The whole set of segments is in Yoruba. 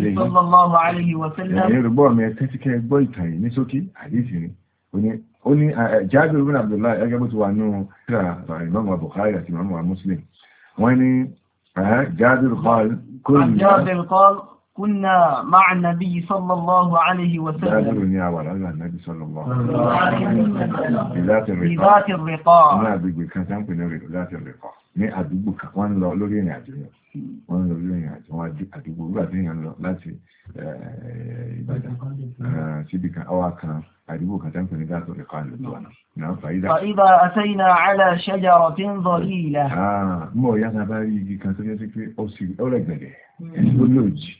alayhi wa sallam. ẹ̀yìn rúgbọ́ mi ẹ̀tẹ́ tí kẹ́ gbọ́ ìtàn yìí ní sókí àdísì ni ó ní Jabir bin Abdullah ẹgẹ́ bó ti wà nú ìmọ̀mọ̀ Bukhari àti ìmọ̀mọ̀ Muslim wọ́n ní Jabir qal kunna ma'a nabiy sallallahu alayhi wa sallam. Jabir ni àwọn ará nàbí sallallahu alayhi wa sallam. ìlàtì rìkọ́ ní àdúgbò kan sáńpẹ̀ ní àdúgbò kan wọ́n lọ lórí ìrìn àjò yẹn wọ́n lọ lórí ìrìn àti wọ́n àdúgbò rúgbà tí lọ láti Ìbàdàn síbi kan ọwá kan àdúgbò kan tẹ́ǹkù ní dáàtọ̀ ẹ̀kọ́ àlùbọ̀ náà fàídà. fàídà àtẹ́yìnà àlà ṣẹ́jà ọ̀tí ń bọ̀ ní ilẹ̀. mọ̀ ya ta bá rí igi kan tó yẹ sí pé ó sì ó hmm. lòjì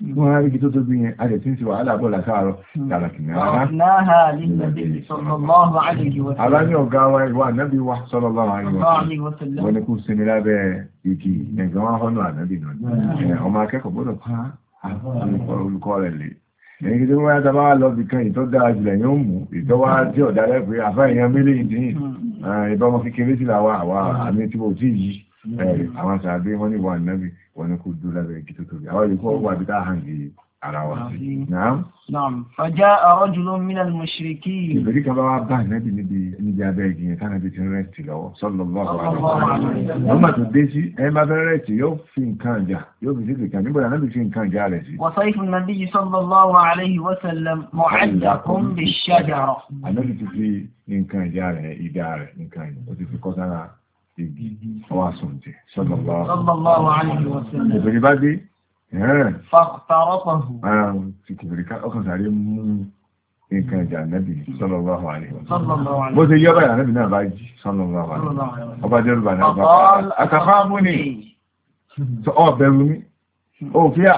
Gbogbo wọn rí tó tóbi yẹn, a lè tí ń ti wàhálà bọ̀ látàárọ̀ tààràkìnà ara. Ara ní ọ̀gá wa ìwà ànábì wa sallallahu alaihi wa sallam. Wọ́n ní kú sinmi lábẹ́ igi ẹ̀gbọ́n wọn họ́nà ànábì náà. Hmm. Ọmọ akẹ́kọ̀ọ́ gbọ́dọ̀ pa hmm. olùkọ́ rẹ̀ lè tí wọ́n yáta lọ bí kan ìtọ́ dára jùlẹ̀ yóò mú ìtọ́wà tí ọ̀dá rẹ̀ pé àfáà èèyàn mílíọ̀nù hmm. ìbámu kékeré sí làwà àwa àmì tí wọ́n ti yìí Mm. àwọn sàbí wọ́n ní wà náàbí wọ́n ní kò dúró lábẹ́ igi tó tóbi àwọn olùkọ́ wà bí táà hàn yìí ara wa sí náà fàjá àrọ́jùlọ mílíọ̀nù mọ̀ṣíríkì ìbẹ̀rí kan bá wá bá náàbí níbi abẹ́ igi yẹn kánàbí ti rẹ́ẹ̀tì lọ́wọ́ sallallahu alaihi wasallam nígbà tó dé sí ẹ máa fẹ́ rẹ́ẹ̀tì yóò fi nǹkan jà yóò fi síbi kan nígbà náà fi nǹkan jà rẹ̀ sí. wasaifu nabiyyi sallallahu igi ọwọ́ àsọ̀jẹ̀ sọ́lọ̀lọ́ ìbẹ̀rẹ̀ bá dé ọkàn sàárè mú nǹkan ìjà nẹ́bì sọ́lọ̀lọ́ bó ṣe yọ́ báyà nẹ́bì náà bá jí sọ́lọ̀lọ́ ọba jẹ́rù bà náà bá akàfà mú ni ọbẹ̀rù mi hmm. ó fíà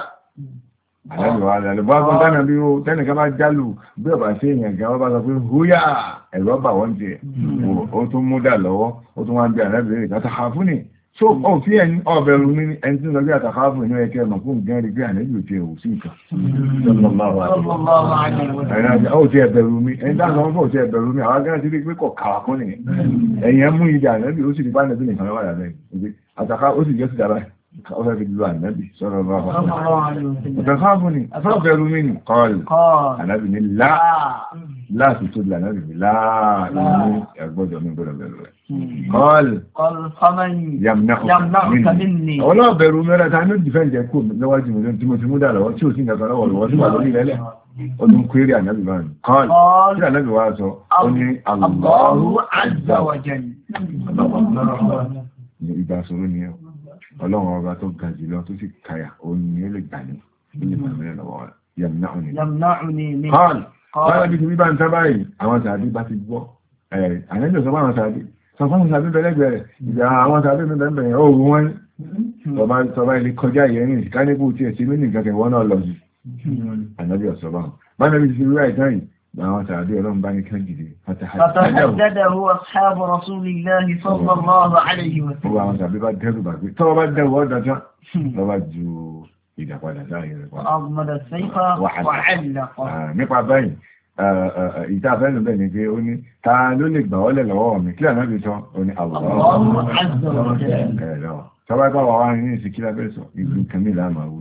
àlẹ́bìwà àlẹ́lẹ́ bá gbọ́n tánà bí ó tẹ́nìkan bá jálù bí ọ̀bá sí èèyàn gan ọba sọ pé húyà ẹ̀rọ bà wọ́n jẹ hmm. ó tún mú dà lọ́wọ́ ó tún wá ń bí àlẹ́bìwà ìgbà tàhà fún ni so ó hmm. fi ẹni ọ̀bẹ̀rù ní ẹni tí ń lọ bí àtàkà fún inú ẹkẹ ọmọ fún gan rí pé àlẹ́bì ò ti ẹ̀wò sí nǹkan ó ti ẹ̀bẹ̀rù mi ẹni dáhùn ọmọ fún ó ti ẹ̀bẹ̀rù mi àwọn gan ti ọ̀rẹ́ bí lọ ànábì sọ́rọ̀ bá wà ọ̀tọ̀káàbù ni ọ̀bẹ̀rù mi ni kọ́ọ̀lù ànábì ni láàtì tó lè ànábì ni láàrin ẹgbọ́dọ̀ mi gbọ́dọ̀ bẹ̀rù rẹ̀ kọ́ọ̀lù ọlọ́ọ̀bẹ̀rù mẹ́rẹ̀ ta ní ìfẹ́ ìjẹ́ kó lọ́wọ́jú mi lọ́wọ́ tí mo ti mú dà lọ́wọ́ tí ò sí nǹkan lọ́wọ́ lọ́wọ́ tí wà lórí rẹ̀ ó tún kéré ànábì bá rẹ̀ kọ́ọ̀lù tí ànábì wá sọ ó ní àlọ́ ìgbà sọ̀rọ̀ ni ẹ̀ ọlọ́run ọba tó ga jùlọ tó sì kàyà òun ni ó lè gbà ní ilé mọ̀lẹ́mọ̀lẹ́ lọ́wọ́ rẹ̀ yamna'uni ni hàn ọ̀rọ̀ bí ń sábà yìí àwọn sàbí bá ti gbọ́ àlejò sọ fáwọn sàbí sọ fáwọn sàbí bẹ̀lẹ́gbẹ̀rẹ̀ ìjà àwọn sàbí bẹ̀lẹ́gbẹ̀rẹ̀ ó wú wọn sọba ilé kọjá ìyẹn ìkáníkù tí ẹ̀ sí mí nìkan kẹwọ́n náà lọ sí hmm. ànábì ọ̀sọ́ bá àwọn tàbí ọlọ́run bá ní kán gidi fatahadadahu ashabu rasulillahi sallallahu alayhi wa sallam àwọn tàbí bá dẹ́rù bàgbé tọ́wọ́ bá dẹ́rù ọ́dájọ́ lọ́wọ́ hmm. ju ìdàpadà láàrin rẹ̀ wọ́n ah, nípa báyìí ah, ah, ìta fẹ́lú bẹ́ẹ̀ ni pé ó ní ta ló lè gbà ọ́lẹ̀ lọ́wọ́ mi kí àná fi sọ ó ní àwòrán tọ́wọ́ bá wà wá ní ìsìnkí lábẹ́ sọ ìlú kẹ́mí làmà wò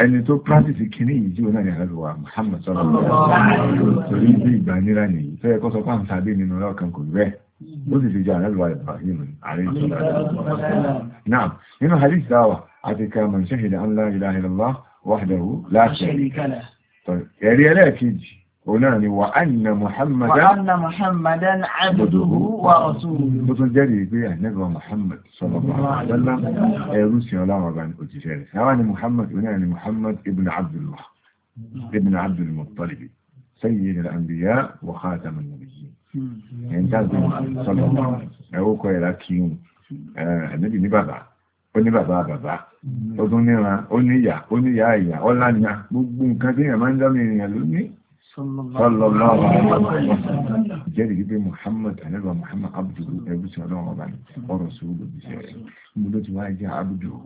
ẹni tó practice kìíní yìí tí ó náà ní àlọ́wà Muhammad sọ́rọ̀ torí bí ìgbànira nìyí tó yẹ kó sọ fáwọn tàbí nínú ọlọ́kan kò rẹ̀ ó sì fi jẹ́ àlọ́wà Ibrahim ààrẹ ìṣọ́lá náà nínú hadith dáwà àti ká man shahida an la ilaha illallah wahdahu la sharika lahu ẹ̀rí ẹlẹ́ẹ̀kejì ونعني وأن محمدا وأن محمدا عبده ورسوله بطل جري بيا نبو محمد صلى الله عليه وسلم أي روسيا لا ما بان أتجاري سواني محمد ونعني محمد ابن عبد الله ابن عبد المطلب سيد الأنبياء وخاتم النبيين ينتاز يعني بيا صلى الله عليه وسلم نبي أو أهو كوي لكيون آه، النبي نبابا oni baba baba o dun ni ra o ni ya o ni ya iya o la ni gbogbo nkan ti e ma n jami irin elu ni sallallahu alaihi wasallam jẹ́rìí yìí pé muhammad abdul ẹrú sí ọlọ́run ọba ní ọ̀rọ̀ sóòlù bí ṣe rẹ̀ níbo ló ti wá abdul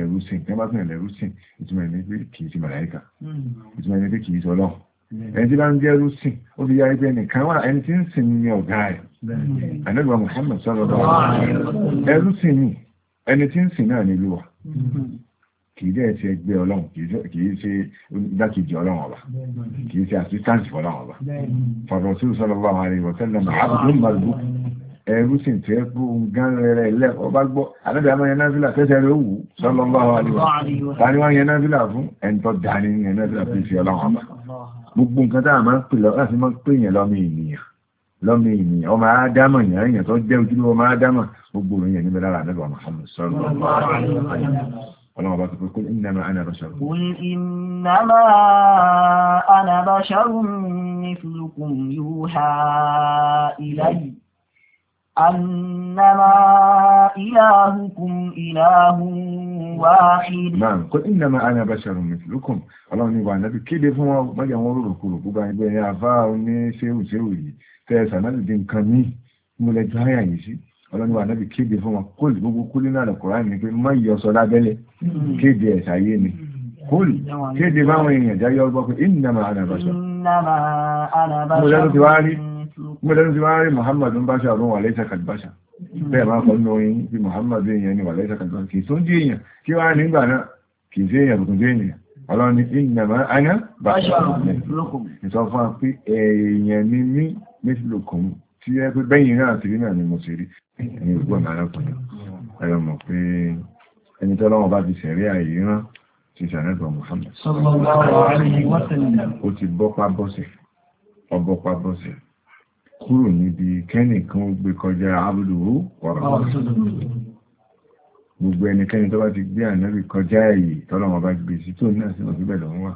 ẹrú sí ẹ bá tún ẹrú sí ìtumọ̀ ẹni pé kì í ti màláìkà hmm. ìtumọ̀ ẹni pé kì í ti ọlọ́run hmm. ẹni tí bá ń jẹ́ kìí dẹ́ ṣe ẹgbẹ́ ọlọ́run kìí ṣe igbákejì ọlọ́run ọba kìí ṣe assistant ọlọ́run ọba fọ̀rọ̀ sí sallallahu alaihi wa sallam àbúrò màlúù ẹrú sì tẹ́ kú gán rẹ̀ lẹ́kọ̀ọ́ bá gbọ́ àdábẹ́ àmọ́ yẹn náfìlà tẹ́sẹ̀ rẹ̀ wù sallallahu alaihi wa sallam tani wọ́n yẹn náfìlà fún ẹ̀ńtọ́ dání yẹn náfìlà fi ṣe ọlọ́run ọba gbogbo nǹkan tá a máa ń pè lọ láti máa ń pè yẹn lọ́mọ ènìyàn ọmọ ádámọ̀ yẹn èèyàn tó jẹ́ ojúlówó ọmọ ádámọ̀ gbogbo òun yẹn níbẹ̀ àdébọ̀ Muhammad sallallahu alaihi ọlọ́wọ́ bá ti pé kún ìnàmà àna bàṣàrù. kún ìnàmà àna bàṣàrù mithlukum yuha ilayya أنما إلهكم إله واحد قل إنما أنا بشر مثلكم ọlọ́run ní ìwà ànábì kéde fún wọn mọ́jà wọn rò gbogbo ọlọ́niwà náà fi kéde fún wọn kóòlù gbogbo kúlé náà lọ́kùnrin ní pé mọ́ ìyọ sọ lábẹ́lẹ̀ hmm. kéde ẹ̀sà yé ni kóòlù kéde báwọn èèyàn jáyọ ọgbọ́ pé ìnàmà ànàbàṣọ mo lẹ́nu ti wá rí Muhammad ń báṣà ọdún wà lẹ́sà kàdìbáṣà hmm. bẹ́ẹ̀ máa kọ́ nínú oyin bí Muhammad èèyàn ni wà lẹ́sà kàdìbáṣà kì í tó ń dí èèyàn kí wá nígbà náà kì í sí èèyàn tuntun dé èèyàn ọlọ́run ní ìnàmà ànàbàṣà ìsọfún pé èèyàn ní mí méjìlókùnrin tí ẹ pé bẹ́yìn náà ti rí náà ni mo ti rí ẹni ògbọ́n náà lọ́kùnrin mm. ẹ̀rọ mọ̀ pé ẹni tó lọ́wọ́ bá ti sẹ̀rí àyè rán ti sàrẹ́gbọ̀ Muhammad ó ti bọ́pá bọ́sẹ̀ ọbọ́pá bọ́sẹ̀ kúrò níbi kẹ́nìkan ó gbé kọjá abúlùwò wọ́rọ̀ gbogbo ẹnikẹ́ni tó bá ti gbé ànábì kọjá èyí tọ́lọ́wọ́ bá gbé sí tó náà sí ọdún bẹ̀rẹ̀ wọn wà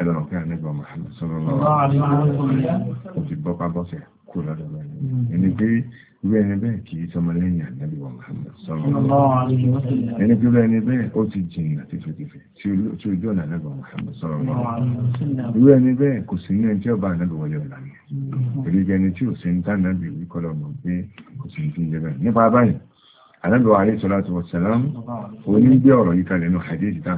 ẹlọ́rọ̀ kí ànábì Muhammad sọ́lọ́lọ́wọ́ ó ti bọ́pá kò lọ́dọ̀ rẹ̀ hmm. ẹni pé irú ẹni bẹ́ẹ̀ kì í sọmọ lẹ́yìn ànábì wa Muhammad sallallahu alaihi wasallam ẹni pé irú ẹni bẹ́ẹ̀ ó ti jìnnà tìfẹ́tìfẹ́ tí ojú ọ̀nà ànábì wa Muhammad sallallahu alaihi wasallam irú ẹni bẹ́ẹ̀ kò sí ní ẹni tí ọba ànábì wọlé ọ̀la mi èdè tí ò sí ní tànábì wí kọ́lọ̀ mọ̀ pé kò sí ní tí bẹ́ẹ̀ nípa báyìí ànábì wa alaihi salatu wassalam onígbé ọ̀rọ̀ yìí kalẹ̀ nù hadith tá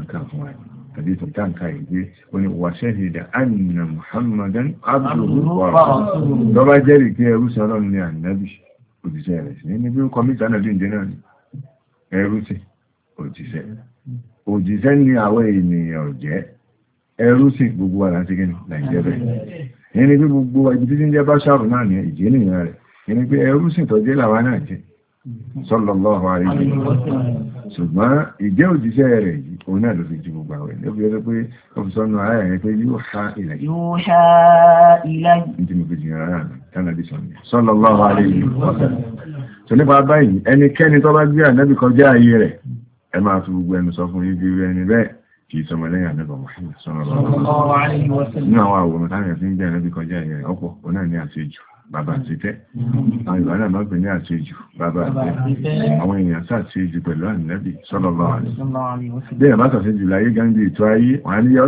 hadith tanka ìgbé wọ́n ni wà ṣẹ́hìdà anna muhammadan abdullahi wa rasuluhu lọ́bá jẹ́rìí kí ẹrú sọ́rọ̀ ní ànábì òjíṣẹ́ rẹ̀ sí ní bí ó kọmítà náà dìndé náà ni ẹrú sí òjíṣẹ́ òjíṣẹ́ ní àwọn ènìyàn jẹ́ ẹrú sí gbogbo wa láti gẹ́ni nàìjẹ́rẹ̀ ẹni pé gbogbo ibi títí ń jẹ́ bá ṣàrù náà ní ìjẹ́ ènìyàn rẹ̀ ẹni pé ẹrú sí tọ́jẹ́ làwa náà jẹ́ sallallahu alaihi wasallam ṣùgbọ́n ìjẹ́ òjíṣẹ́ rẹ̀ yìí òun náà ló fi ju gbogbo àwẹ̀ ló fi yẹ pé ó fi sọ́nà ara rẹ̀ pé yóò ha ilẹ̀ yìí. yóò ha ilẹ̀ yìí. ní tí mo fi jìnnà rárá mi tánàbí sọ̀nà sallallahu alaihi wa sallam. tó nípa báyìí ẹnikẹ́ni tó bá gbé ànábì kọjá ayé rẹ̀ ẹ máa fi gbogbo ẹnu sọ fún yín bí ẹni bẹ́ẹ̀ kì í sọmọ lẹ́yìn ànábì Muhammad sallallahu alaihi wa sallam. nínú àwọn àwòrán táwọn ẹ̀sìn gbé ànábì kọjá ayé rẹ̀ ọ̀pọ̀ òun náà ní àṣejù bàbá àtìtẹ́ mm-hmm. àwọn ìbára máa gbé ní àṣejù bàbá àtìtẹ́ àwọn èèyàn sàṣejù pẹ̀lú ànìyàbì sọ́lọ́lọ́ bẹ́ẹ̀ bá sàṣejù láyé gángé ètò ayé wọ́n á ní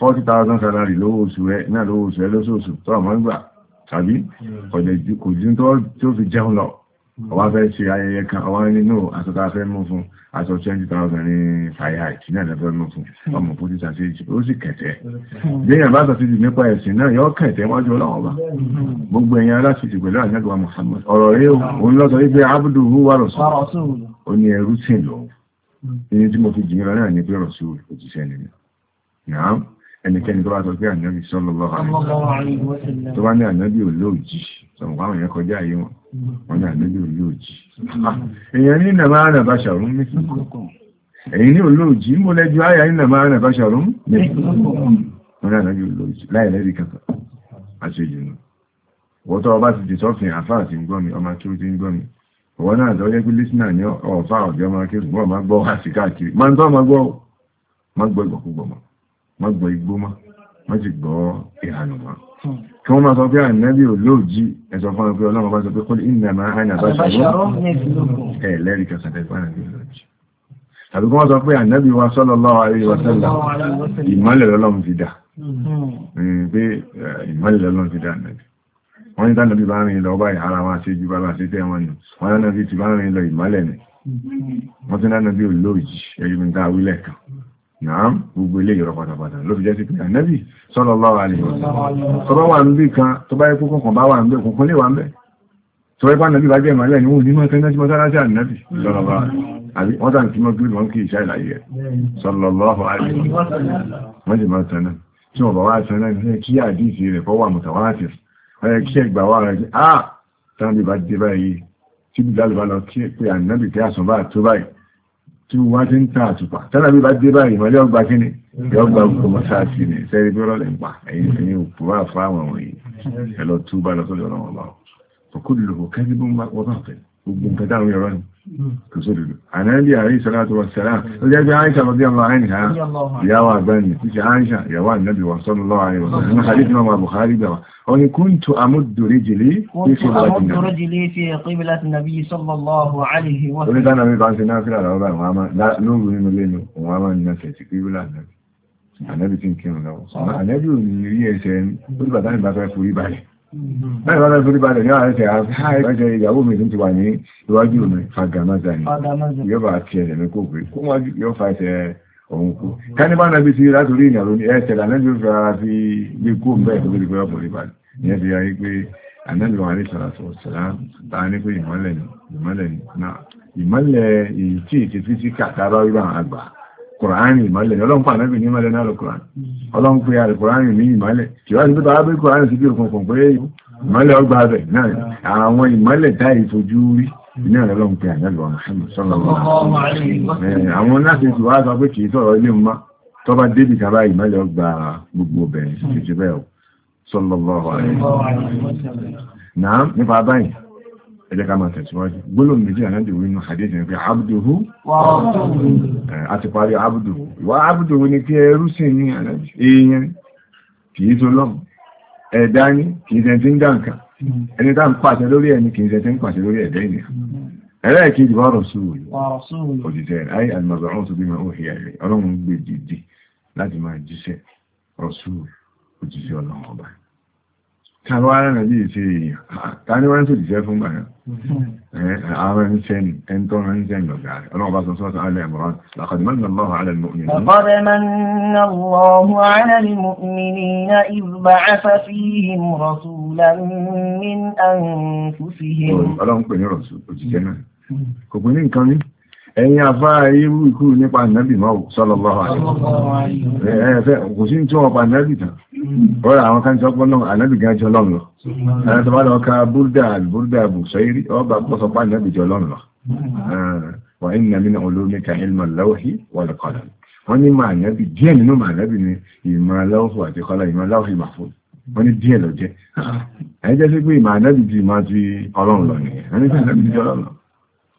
forty thousand salary lówó oṣù rẹ̀ náà lówó oṣù rẹ̀ lóṣooṣù tó àmọ́ gbà tàbí mm. kò jù tó fi jẹun lọ ọwá fẹ́ ṣe ayẹyẹ kan ọwá nínú aṣọ fẹ́ mú fún aṣọ 20,000 ní fire náà lẹ́fẹ́ mú fún ọmọ fún títà sí ìjì ó sì kẹ̀tẹ́ léyìn bá sàtìjì nípa ẹ̀sìn náà yọ kẹ̀tẹ́ wájú ọlọ́wọ́ bá gbogbo ẹ̀yìn aláṣìjì pẹ̀lú àjẹ́gbà Muhammad ọ̀rọ̀ rẹ̀ òun lọ́sọ̀ wípé abudu hu rọ̀sùn ó ní ẹrú ẹnikẹ́ni tó bá sọ pé ànábì sallallahu alaihi wasallam tó bá ní ànábì olóòjì sọ̀rọ̀ àwọn èèyàn kọjá ayé wọn wọn ní ànábì olóòjì èèyàn ní nàmá ànà basharun ní èyí ní olóòjì ń bọ́lẹ̀ ju àyà ní nàmá ànà basharun ní wọn ní ànábì olóòjì láì lẹ́rìí kankan àṣejù nù wọ́n tọ́ ọba ti di sọ́fìn àfá àti ń gbọ́ mi ọmọ kí ó ti ń gbọ́ náà tọ́ má gbọ́ igbó má má sì gbọ́ ìhànà má hmm. kí wọ́n máa sọ pé ànábì olóòjì ẹ̀sọ̀ fún ọ̀pẹ́ ọlọ́run bá sọ pé kọ́lé ìnà máa hàn àbá ṣàrọ́ ẹ̀ lẹ́rìí kẹsàtẹ̀ fún ànábì olóòjì tàbí kí wọ́n sọ pé ànábì wa sallallahu alaihi wa sallam ìmọ́lẹ̀ lọ́lọ́run ti dà hmm. Hmm, pé ìmọ́lẹ̀ lọ́lọ́run ti dà ànábì wọ́n ní tánàbí bá rìn lọ báyìí ara wọn àti ìjúbà bá ṣe tẹ́ wọn nù wọ́n tánàbí ti bá rìn lọ ìmọ́lẹ̀ ni wọ́n tánàbí olóòjì ẹ̀yìn tá a wílẹ̀ kan náà gbogbo ilé ìrọ̀ pátápátá ló fi jẹ́ sí pé ànábì sallallahu alaihi wasallam tó bá wà ń bí kan tó bá ikú kọ̀ọ̀kan bá wà ń bẹ̀ kọ̀ọ̀kan lè wà ń bẹ̀ tó bá ipá ànábì bá jẹ́ ìmọ̀lẹ́ ni wọ́n ní mọ́ta iná sí mọ́sálásí ànábì sallallahu àbí wọ́n tàn kí mọ́ gírí mọ́ kí ìṣá ìlàyé sallallahu alaihi wasallam wọ́n sì máa tanná tí wọ́n bá wá tanná ní kí àdíìsì rẹ̀ kọ́ wà mutawatir ọ̀yẹ kí ẹgbà wà rẹ̀ ah tán tí wọ́n ti ń ta àtùpà tẹ́lá bí bá dé báyìí ìmọ̀lẹ́ ọgbà kí ni yọgbà gbogbo mọ́sáàsì ni sẹ́rí bí rọ́lẹ̀ ń pa ẹ̀yìn sí ní òpó wà fún àwọn wọ̀nyí ẹ̀lọ́ túbà lọ́sọ̀lọ́ ọ̀rọ̀ wọn bá wọn kò kó lè lò kó kẹ́sí bó ń bá wọ́n bá fẹ́ gbogbo nǹkan dáhùn yọrọ ni kò sí dúdú ànábì àrí ìsọ́lá tó wọ́n sẹ́lá ó jẹ́ pé àìṣà lọ́dí ọmọ àìníhà ìyàwó àgbẹ́ni títí àìṣà ìyàwó ànábì wọ́n sọ́nà lọ́wọ́ àrí wọ́n sọ́nà hadith náà Bukhari gbà wá ó ní kuntu amuddu rijli fi qiblati nabi sallallahu alaihi wa sallam. oníta nàbí bá ń ṣe náà fílà lọ́wọ́ báyìí wọ́n á máa lóòrùn nínú lẹ́nu wọ́n á máa ń nàṣẹ̀ sí kíbílà nàbí ànábì tí ń kírun lọ́wọ́ ànábì ò Báyìí wọ́n lọ́dún balẹ̀ ní ààrẹ tẹ̀yà ààrẹ ìyàwó mi tún ti wà ní iwájú mi fagamata ni. Yọ́bà àti ẹ̀rẹ̀ mi kò pé kó wọ́n yọ́ fa ẹsẹ̀ òun kú. Káníbà náà bí ti látòrí ẹsẹ̀ lànàbí fi ara fi gbé kó ń bẹ́ẹ̀ tó ọ̀pọ̀ pé àrí ní pé kùránì ìmọ́lẹ̀ ọlọ́run pa ànábì ní ìmọ́lẹ̀ náà lọ kùránì ọlọ́run pe àrùkùránì ní ìmọ́lẹ̀ ìwádìí pípa wá pé kùránì sí bí òkùnkùn pé ìmọ́lẹ̀ ọgbà bẹ̀ náà àwọn ìmọ́lẹ̀ dá ìfojú rí ní ọlọ́run pe ànábì wa Muhammad sallallahu alaihi wasallam eh, àwọn láti ti wá sọ pé kì í sọ̀rọ̀ ilé mọ́ tó bá débì kaba ìmọ́lẹ̀ ọgbà ẹjẹ́ ká máa tẹ̀síwájú gbólóhùn méjì ànájì wí nínú hadith ní pé abduhu àti parí abdu ìwà abdu ní kí ẹrú sí ní ànájì èèyàn kì í tó lọ́mù ẹ̀dá ní kì í sẹ́ntí ń dá nǹkan ẹni tá ń pàṣẹ lórí ẹni kì í sẹ́ntí ń pàṣẹ lórí ẹ̀dá ènìyàn ẹlẹ́ẹ̀kejì wà rọ̀súùlù òjìṣẹ́ ayé àlùmọ̀gbọ̀n tó bí mọ̀ ó hìyà rẹ̀ ọlọ́run gbé dìde láti máa jíṣẹ́ rọ̀súùlù òjìṣẹ́ ọlọ́run ọba tàbí wá rẹ̀ bí ìṣe èèyàn tàbí wọ́n tó jìṣẹ́ fún gbà náà mm-hmm. àwọn ẹni sẹ́ni ẹni tó rẹ̀ ń sẹ́ni lọ́gbà rẹ̀ ọlọ́run bá sọ sọ́tọ̀ alẹ́ ìmọ̀ràn laqad manna ní rọ̀sùn òjìṣẹ́ náà mm-hmm. kò pè irú ikú nípa nàbì máa sọ́lọ́lọ́wọ́ àyẹ̀wò ẹ̀ẹ́fẹ́ kò sí ní tí wọ́n pa nàbì ọ̀rọ̀ àwọn kan sọ pọ́nà ànábìgá jọ lọ́nà lọ ẹ̀rọ tó bá lọ ka búrúdà búrúdà bùsọ̀rí ọba pọ́sọpá ànábì jọ lọ́nà lọ wà ní nàmì náà olómi ka ilmọ̀ lọ́wọ́hí wọlé kọ́lá wọ́n ní máa ànábì díẹ̀ nínú máa ànábì ni ìmọ̀ lọ́wọ́ àti kọ́lá ìmọ̀ lọ́wọ́ ìmọ̀ fún wọ́n ní díẹ̀ lọ jẹ́ ah. ẹ̀jẹ̀ sí pé ìmọ̀ ànábì ti máa ti ọlọ́run lọ nìyẹn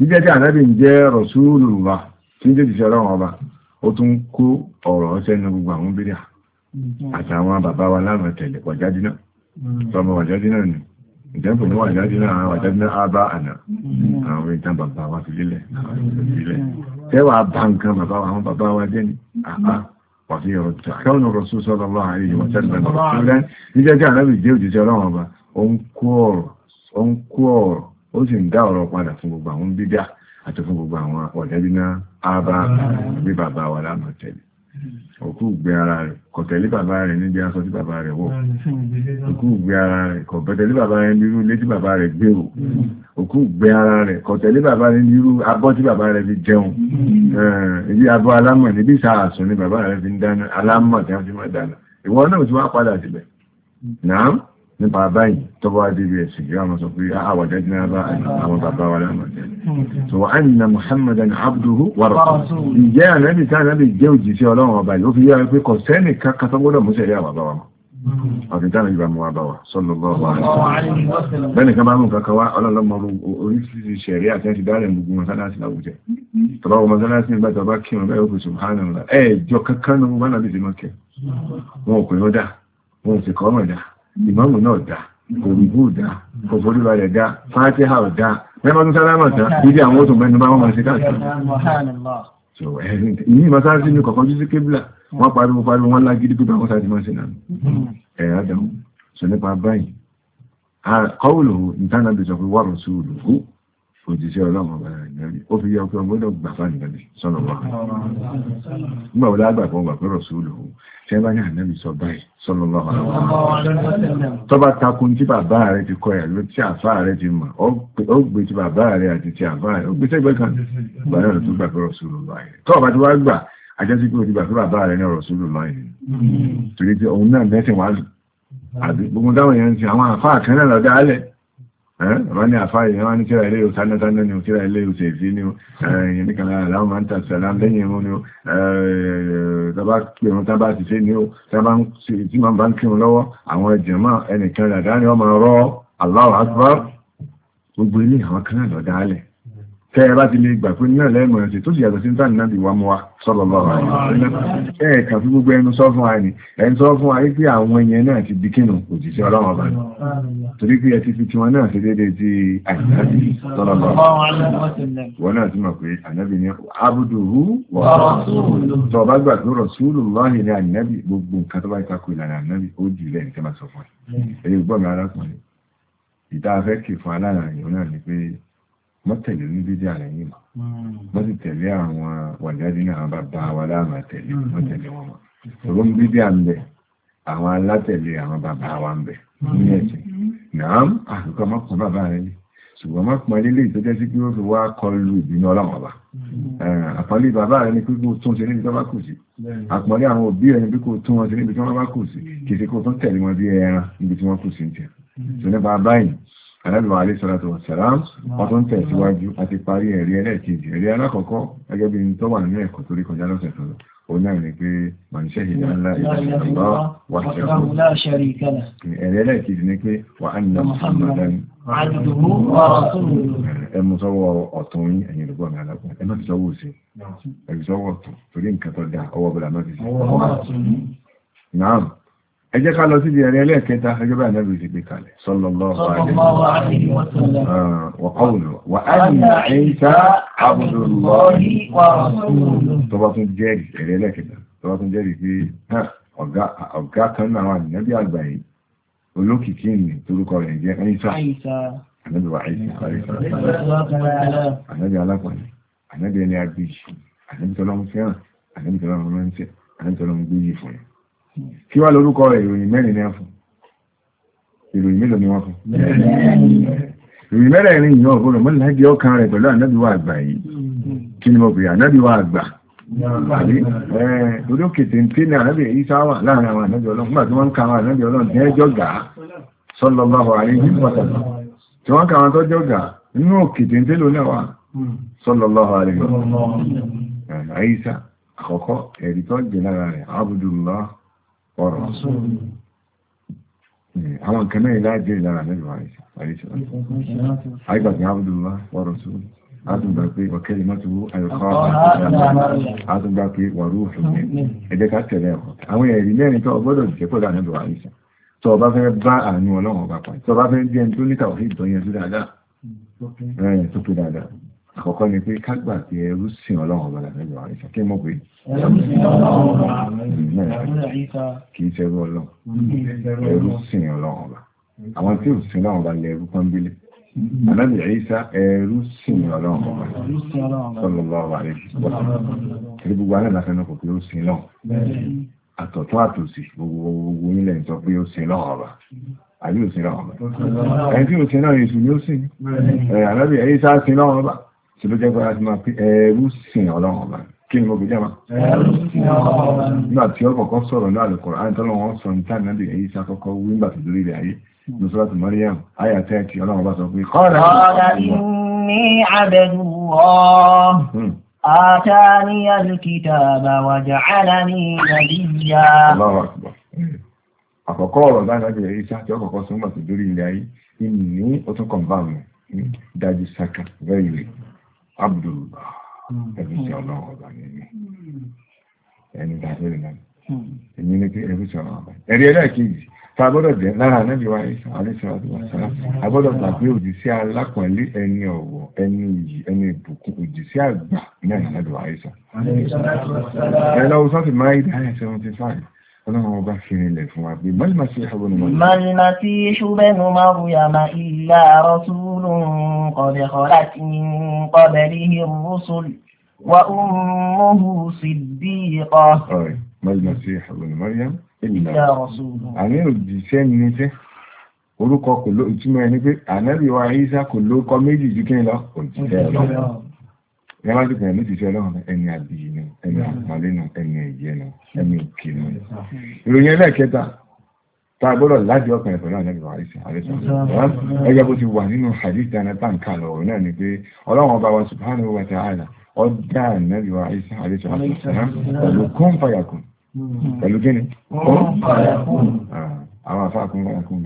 jíjẹ́ tí ànábì ń jẹ́ Rasulullah tí ń jẹ́ ìṣẹ́ ọlọ́run ọba ó tún kó ọ̀rọ̀ sẹ́nu gbogbo àwọn bídà àtàwọn bàbá wa láwọn tẹ̀lé wàjádínà tọmọ mm. wàjádínà ni ìjẹ́pù ní wàjádínà àwọn wàjádínà àbá àná àwọn ìtàn bàbá wa fi lílẹ̀ mm ó sì ń dá ọ̀rọ̀ padà fún gbogbo àwọn bídá àti fún gbogbo àwọn ọ̀lẹ́bíná àbá bí bàbá wa láàmà tẹ̀lé òkú gbé ara rẹ̀ kò tẹ̀lé bàbá rẹ̀ níbi aṣọ tí bàbá rẹ̀ wọ̀ òkú gbé ara rẹ̀ kò tẹ̀lé bàbá rẹ̀ nírú ilé tí bàbá rẹ̀ gbé wò òkú gbé ara rẹ̀ kò tẹ̀lé bàbá rẹ̀ nírú abọ́ tí bàbá rẹ̀ fi jẹun ibi abọ́ alámọ̀ níbi ìsàásùn ni bàbá rẹ̀ fi ń dáná alámọ̀ tí wọ́n fi máa dáná ìwọ náà tí wọ́n padà síbẹ̀ náà nípa báyìí tó bá dé bí ẹ̀sìn yóò máa sọ pé àwàjẹ́ ah, jẹ́ bá àwọn bàbá wa lámàjẹ́ so wà á nìyà muhammadan abduhu wàrọ̀kọ̀ ìjẹ́ ànábì tí ànábì jẹ́ òjìṣẹ́ ọlọ́run ọba yóò fi yára pé kò sẹ́nì kankan tó gbọ́dọ̀ mú sẹ̀rí àwà bá wa ọ̀sìn tánà ìgbà mú wa bá wa sọ́nà bọ́ wa bẹ́ẹ̀ni kan bá mú kankan wá ọlọ́lọ́mọ oríṣiríṣi sẹ̀rí àti ẹ̀sìn dálẹ̀ ò pè ó dà ò sì kọ́ mọ̀ dà ìmọ̀mù náà dá òrùbù dá kòkòrìbalẹ̀ dá fátíhà dá mẹ́fà tún sálámà tán ìdí àwọn òtún mẹ́nu bá wọ́n máa ṣe káàkiri ìní ìmọ̀sáàsì ní kọ̀kan jísí kébìlà wọ́n pariwo pariwo wọ́n lágídí pípa wọ́n sáàdì máa ṣe náà ẹ̀yà dáhùn sọ nípa báyìí kọ́wùlù ìtànàbì sọ pé wọ́rọ̀ sí olùkú òjíṣẹ́ ọlọ́run ọba ìgbàlẹ̀ ó fi yẹ ọkọ̀ gbọ́dọ̀ gbà fáìlì tí ẹ bá ní ànábì sọ báyìí sallallahu alaihi wasallam tó bá takun tí bàbá rẹ ti kọ ẹ̀ ló tí àfá rẹ ti mọ̀ ó gbé ti bàbá rẹ àti ti àfá rẹ ó gbé tẹ́gbẹ́ kan gbà náà tó gbà pé Rasulullah tó bá ti wá gbà ajásí pé ó ti gbà pé bàbá rẹ ní Rasulullah hmm. torí pé òun náà mẹ́sìn wá lù hmm. àbí gbogbo dáwọn yẹn ti àwọn àfá kan náà lọ Eh? wọ́n ní àfáàrí wọ́n ní tíra ilé ìwò tánátánà ni tíra ilé ìwò tèèfì eh, ní ẹ̀yìn ní kanáà aláwọ̀ máa ń tàbí sàlám lẹ́yìn ìwọ̀n ni eh, tàbá kírun tàbá ti fẹ́ ní ó tí máa bá ń kírun lọ́wọ́ àwọn ìjẹ̀mọ́ ẹnìkan rẹ̀ dáni ọmọ ọ̀rọ̀ Allahu Akbar gbogbo ilé àwọn kanáà lọ dálẹ̀ tẹ́ ẹ bá ti lè gbà pé náà lẹ́mọ̀ ẹ̀sẹ̀ tó sì yàtọ̀ sí tàn náà bí wà mú wa sọ́lọ̀ lọ́rọ̀ ẹ̀ ẹ̀ka gbogbo ẹnu sọ fún wa ni ẹni sọ fún wa pé àwọn ẹyẹn náà ti di kínú òjìṣẹ́ ọlọ́run ọba ni torí pé ẹ ti fi tiwọn náà ṣe déédéé ti àyíkájú sọ́lọ̀ lọ́rọ̀ wọn náà ti mọ̀ pé ànábì ni abuduhu wà tó bá gbà pé rọ̀súlù lọ́hìn ní ànábì gbogbo nǹkan tó bá ìtakò ìlànà ànábì ó jù lẹ́yìn tẹ́ máa sọ fún ẹ èyí mm. gbọ́ mi arákùnrin ìta afẹ́ kì fún aláàrin òun náà ni pé mọ́tẹ̀lẹ̀ ní bídí ààrẹ yìí mọ̀ hmm. wọ́n ti tẹ̀lé àwọn wàjáde ní àwọn bàbá wa láàmà hmm. tẹ̀lé mọ́tẹ̀lẹ̀ wọn mọ̀ ṣòro ń bídí à ń bẹ̀ àwọn alátẹ̀lé àwọn bàbá wa ń bẹ̀ hmm. ní ẹ̀sìn náà àkókò ọmọkùnrin bàbá rẹ ni ṣùgbọ́n ọmọkùnrin lílé ìtọ́jẹ́ sí pé ó fi wá kọlu ìbínú ọlọ́run ọba àpọ́nlé bàbá rẹ ni pípò tún ṣe níbi tó bá kù sí àpọ́nlé àwọn òbí rẹ ni pípò tún wọn ṣe níbi tó bá kù sí kìí Ànábì wa alayhi salatu wa salam ọdún tẹ̀síwájú àti parí ẹ̀rí ẹlẹ́ẹ̀kejì ẹ̀rí alákọ̀ọ́kọ́ gẹ́gẹ́ bí tó wà nínú ẹ̀kọ́ torí kọjá lọ́sẹ̀ tó lọ òun náà ni pé màníṣẹ́ ìdá ńlá ìdá wà ẹ̀rí ẹlẹ́ẹ̀kejì ni pé wà á nà Muhammadan ẹmu sọ́wọ́ ọ̀tún yín ẹ̀yin ló gbọ́n alákùn ẹ má ti sọ́wọ́ òsì ẹ̀rí sọ́wọ́ ẹ jẹ́ ká lọ sí ẹ̀rẹ́ ẹlẹ́ẹ̀kẹta ẹjọ́ bá ẹ̀nà ìrìn gbé kalẹ̀ sallallahu alaihi wa sallam wa ah, qawlu wa anna Isa abdullahi wa rasuluhu tó bá tún jẹ́rì ẹ̀rẹ́ ẹlẹ́ẹ̀kẹta tó bá tún jẹ́rì pé ọ̀gá kan náà wà nínábí àgbà yìí olókìkí ni torúkọ rẹ̀ jẹ́ Isa ànábì wa Isa ànábì alápọ̀ni ànábì ẹni kí wá lórúkọ rẹ̀ ìròyìn mẹ́rin ní ọ̀fún ìròyìn mélòó ni wọ́n fún ìròyìn mẹ́rẹ̀ẹ̀rin ìyàn ọ̀gbọ́n mọ́ láti ọkàn rẹ̀ pẹ̀lú ànábíwá àgbà yìí kí ni mo pè ànábíwá àgbà lórí òkè tí ń tí ní ànábì èyí sáwà láàrin àwọn ànábì ọlọ́run nígbà tí wọ́n ń ka àwọn ànábì ọlọ́run ní ẹjọ́ gà á sọ́lọ́ bá wà ní ìlú pàtàkì tí wọ́n ka àwọn tọ́jọ́ gà nínú òkè tí ń ọ̀rọ̀ hmm, àwọn nǹkan náà láàájẹ́ ìlara nílùú àìsàn àìsàn àìgbàgbà abúlùwá ọ̀rọ̀ tó átùgbà pé ọ̀kẹ́lì mọ́tò ayọ̀kọ́ átùgbà pé wàrú òfin ẹ̀jẹ̀ ká tẹ̀lé ẹ̀kọ́ àwọn ẹ̀rí mẹ́rin tó gbọ́dọ̀ jẹ́ pẹ̀lú ànílùú àìsàn tó bá fẹ́ bá àánú ọlọ́run ọba pàdé tó bá fẹ́ jẹ́ tó níta òfin ìtọ́yẹn tó dáadáa hmm, àkọ́kọ́ ni pé kágbà tí ẹrú sìn ọlọ́run ọba làbẹ́lú àwọn ìṣà kí mọ̀ pé kì í ṣẹrú ọlọ́run ẹrú sìn ọlọ́run ọba àwọn tí ò sìn ọlọ́run ọba lẹ ẹrú pọ́nbílé mm-hmm. ànábì Ìsá ẹrú sìn ọlọ́run ọba sallallahu alaihi wasallam kí gbogbo alẹ́ láti ẹnu kò pé ó sìn lọ́run àtọ̀tún àtòsì gbogbo ilẹ̀ ìtọ́ pé ó sìn lọ́run ọba àbí ò sìn lọ́run ọba ẹni tí ò sìn náà Jésù ni ó sìn ẹ̀ ànábì Ìsá sìn lọ́run ọba ṣe ló jẹ́ gbọ́dá ti máa pé ẹrú sìn ọlọ́run ọba kí ni mo gbé jẹ́ ma. ẹrú sìn ọlọ́run ọba. nígbà tí ó kọ́kọ́ sọ̀rọ̀ náà lẹ́kọ̀ọ́ àìtọ́lọ́ wọn sọ ní táà nàbì èyí sá kọ́kọ́ wí nígbà tó dórí rẹ̀ ayé nusrat mariam àyà tẹ́ ti ọlọ́run ọba sọ pé. kọ́lá ìní abẹ́dù ọ́ àtàní alkitaba waj'alani nabiyya. àkọ́kọ́ ọ̀rọ̀ náà nàbì èyí sá tí ó kọ́kọ́ sọ nígbà tó dórí rẹ̀ ayé ìní ó tún hmm, very well Abdullah hmm. ẹ̀bùsẹ̀ hmm. ọlọ́wọ́ ọba hmm. ní mi ẹni tàbí náà èmi ní pé ẹ̀bùsẹ̀ ọlọ́wọ́ ọba ẹ̀rí ẹ̀dá kejì tá a gbọ́dọ̀ jẹ́ lára anábì wa àlẹ́sẹ̀ ọdún a gbọ́dọ̀ gbà pé òjìṣẹ́ alápọ̀nlé ẹni ọ̀wọ̀ ẹni iyì ẹni ìbùkún òjìṣẹ́ àgbà ní ànábì wa àìsàn ẹ̀rọ sọ́ọ̀tì máa ń dá ẹ̀ 75 ọlọ́run ọba fi rinlẹ̀ fún wa pé mọ́lì máa ṣe ìṣàbọ̀nù mọ́lì. mọ́lì máa ṣe ìṣúbẹ́nu márùn رسول قد خلت من قبله الرسل وأمه صديقة ما المسيح ابن مريم إلا رسول أنا òjíṣẹ́ ni ṣe orúkọ kò ló ìtumọ̀ ẹni pé ànábì wa Ìsá kò lórúkọ méjì jù kíni lọ òjíṣẹ́ ọlọ́run yàrá jùlọ ẹni òjíṣẹ́ ọlọ́run ẹni àbíyí ni ẹni àpọ́nlé ni ẹni ẹ̀yẹ ni ẹni òkè ni ìròyìn ẹlẹ́ẹ̀kẹta ta láti ọkàn ẹ̀fẹ̀ náà lẹ́gbẹ̀ẹ́ àríṣà ẹgbẹ́ bó ti wà nínú hadith dáná tá n náà ni pé ọlọ́run ọba wa subhanahu wa ta'ala ọjà ànábì wa àríṣà pẹ̀lú kún hmm. pẹ̀lú kíni kún ah, àwọn afáàkùn fàyàkùn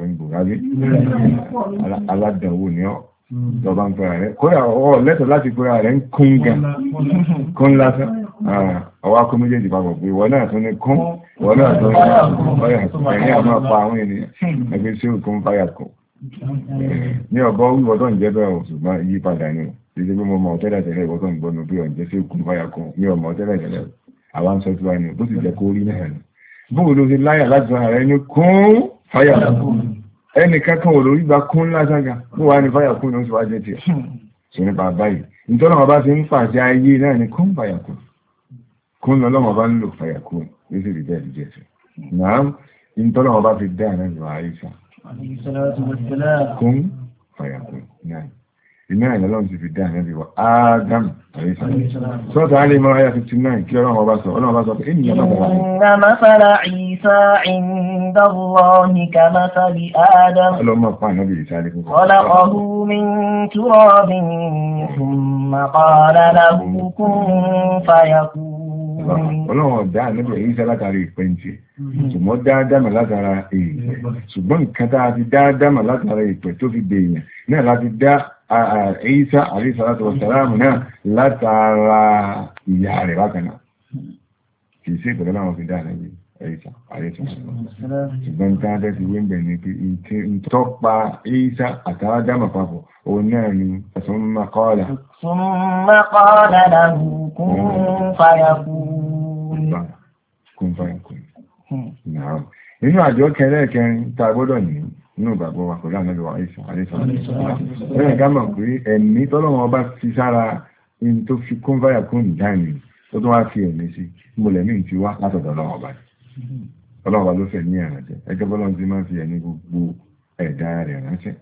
bẹ́ẹ̀ ọwá kó méjèèjì papọ̀ pé wọ́n náà tún ní kún wọ́n náà tún ní ẹ̀yìn àmọ́ pa àwọn ènìyàn hmm. ẹgbẹ́ sí òkun fáyà kù ní ọ̀bọ wíwọ́ ń jẹ́ bẹ́ẹ̀ ṣùgbọ́n ìyípadà ni títí pé mo mọ̀ tẹ́lẹ̀ tẹ́lẹ̀ ìwọ́ tó ń gbọ́nu bí ọ̀jẹ́ sí òkun fáyà kù mi ò mọ̀ tẹ́lẹ̀ tẹ́lẹ̀ àwọn ni bóòlù ló ti láyà láti sọ ààrẹ ní kún fáyà hmm. ẹnì kankan ò lórí gba kún lásága bó wà ní fáyà kún ní oṣù wájẹ tiẹ̀ ṣe hmm. nípa báyìí nítorí wọn bá ti ń pàṣẹ ayé náà ní kún kún lọ́lọ́wọ́ bá ń lò fàyàkó léṣe lè dẹ́ ìdíjẹ́ sí náà ń tọ́lọ́wọ́ bá fi dá ẹ̀rẹ́ lọ àìsà kún fàyàkó náà iná ìlọ́lọ́run ti fi dá ẹ̀rẹ́ bí wọ ádámù àìsà sọ́tà á lè mọ ayá 59 kí ọlọ́wọ́ bá sọ ọlọ́wọ́ bá sọ pé ènìyàn náà bọ̀wọ̀ إن مثل عيسى عند من تراب ثم قال له فيكون ọlọ́run ọ̀dá mm-hmm. ànábì yìí sẹ́ látara ìpẹ́ǹtì mm-hmm. ṣùgbọ́n dáadáma látara èèpẹ̀ mm-hmm. ṣùgbọ́n nǹkan tá a ti dáadáma látara èèpẹ̀ tó fi dèèyàn náà láti dá Ìsá alayhi salatu wa salamu náà látara ìyá rẹ̀ bákan náà kì í sí ìpẹ̀lẹ́ láwọn fi dá ànábì yìí ẹ̀yíṣà àyẹ̀sọ̀rọ̀ ṣùgbọ́n tí a fẹ́ ti wé ń bẹ̀ ní pé ìtọ́pa ẹ̀yíṣà àtàwádámà papọ̀ òun náà ni ṣùgbọ́n kọ́ọ̀lá. ṣùgbọ́n kọ́ọ̀lá làwù kún fàyàkùn. kún fàyàkùn. inú àjọ kẹrẹ́ kẹrin tá a gbọ́dọ̀ ní inú ìgbàgbọ́ wa pẹ̀lú àmẹ́lò àyẹ̀sọ̀ àyẹ̀sọ̀rọ̀ lẹ́yìn ká mọ̀ pé ẹ̀mí tọ́lọ́wọ́n ọba ti sára in tó fi kún fàyàkùn dání tó tún wá fi ẹ̀mí sí mo lẹ̀mí ti wá látọ̀dọ̀ ọlọ́wọ́n ọba ọlọ́ọ̀bá ló fẹ̀ ní àrànjẹ́ ẹgbẹ́ bọ́lọ́n ti máa fi ẹni gbogbo ẹ̀dá rẹ̀ ránṣẹ́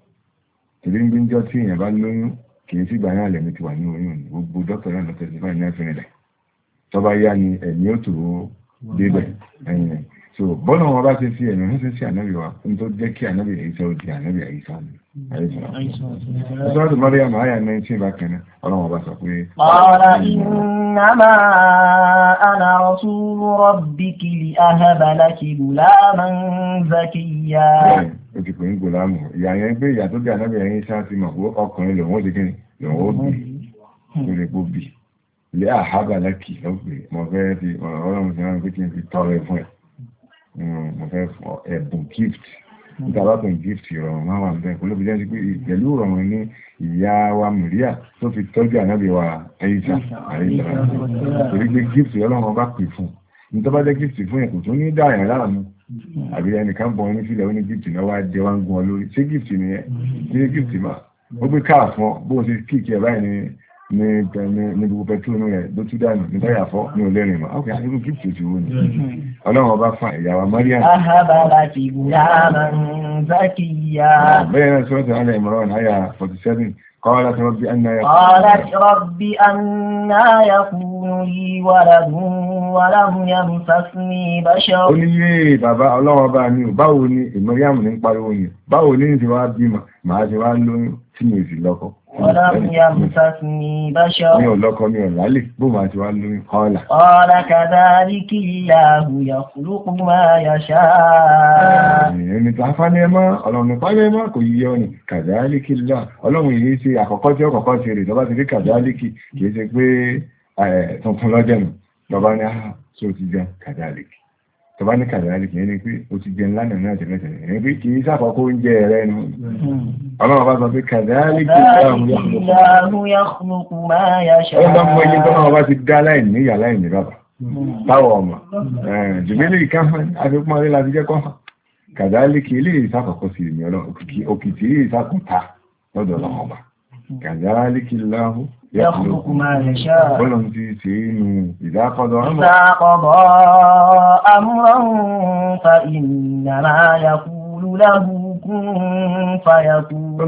torí ń bí ń jọ́ tí èèyàn bá lóyún kì í sígbà náà ti wà ní oyún ní gbogbo dókítà náà lọ́tẹ̀ sí fáìní rẹ̀ yá ni ẹ̀mí ò tó so bọ́nà wọn bá ti fi ẹ̀mí ránṣẹ́ sí ànábì wa ní tó jẹ́ kí ànábì Ìsá ó di ànábì Ìsá ni Sọ́dọ̀ Mọ́ríyàmù àyà 19 bákan náà, ọlọ́wọ́n bá sọ pé. Ọ̀rọ̀ ìnáma àná rasúlù rabbiki li ahaba laki gulaman zakiyya. Bẹ́ẹ̀ o ti pè ń gùlámù, ìyá yẹn pé ìyá tó bí ànábì Ìsá ti mọ̀ pé ọkùnrin lòun ó ti kíni, lòun ó bì, ó lè gbó bì. Li ahaba laki lọ́pẹ̀, mo fẹ́ ti ọlọ́run ti mo fẹ́ fọ ẹ̀bùn gift hmm. níta bá pín gift ìrọ̀rùn máa wà bẹ́ẹ̀ olóbi jẹ́ pé pẹ̀lú ìrọ̀rùn ní ìyá wa mùríà tó fi tọ́jú ànábì wa ẹ̀yíṣà àyíṣà torí pé gift ọlọ́run bá pè fún ní tó bá jẹ́ gift fún ẹ̀kùn tó ní dáyà láàmú hmm. àbí ẹnìkan bọ̀ ní sílẹ̀ ó ní gift náà wá jẹ́ wá ń gun ọ lórí ṣé gift nìyẹn hmm. ṣé gift mà ó gbé káà fún ọ bó ṣe kíkì ẹ̀ báyìí ní ní gbogbo pẹ̀túnú rẹ̀ ló tú dànù ní tọ́yà fọ́ ní olè rìn mọ́. ọkẹ́ àdúgbò gíftì ti wó ni ọlọ́run ọba fa ìyàwó mariam. ahabala ti gbàmà zakiya. bẹ́ẹ̀ náà sọ́ọ̀tì alẹ́ ìmọ̀ràn àyà forty seven. قالت رب أن يكون قالت رب أن يكون لي ولد ولم يمسسني بشر ó ní yé bàbá ọlọ́wọ́ bá mi ò báwo ni ìmọ̀ríàmù ní pariwo yẹn báwo ni ti wá bímọ màá ti wá lóyún tí mi ò sì lọ́kọ Ọlá fi àmúta sí ní báṣọ́. Mi ò lọ́kọ mi ò rálè, bó máa ti wá lóyún kọ́ọ̀là. Ọlá kàdá rí kí ìyá àhùyà kúrúkú máa yà ṣá. Ẹni tó afá ní ẹmọ́, ọlọ́run pa ní ẹmọ́ kò yíyọ ni, kàdá rí kí ìlà. Ọlọ́run yìí ṣe àkọ́kọ́ tí ó kọ́kọ́ rè lọ́ba ti rí kàdá rí kì kì í ṣe pé tuntun lọ́jọ́ nù. ní ah, tọba ní kàdáàlì kìí ní pé o ti jẹ ńlá nìyàn náà tẹ́lẹ̀tẹ́lẹ̀ ní pé kìí sàkọ́kọ́ oúnjẹ rẹ nu ọlọ́run bá sọ pé kàdáàlì kìí sáàmù yàkùnkù máa yàṣà ọlọ́run mọ iye tọ́lọ́run bá ti dá láìní ìyá láìní bàbá táwọ̀ ọmọ jùmílì káfẹ́ àfikún ọlẹ́ láti jẹ́ kọ́fà kàdáàlì kìí lè sàkọ́kọ́ sí ìmì ọlọ́run òkìtì lè sàkọ́ta lọ́dọ̀ ọlọ́run ọba Kàdáríkì láhú. Yàkùnkù máa rẹ̀ ṣáà. Bọ́lọ̀n ti ṣe é nù ìdákọ́dọ̀ ọmọ. Ìdákọ́dọ̀ amúrọ̀hún fa ìnàrà yàkúlú láhùkún fàyàkú. kún, tó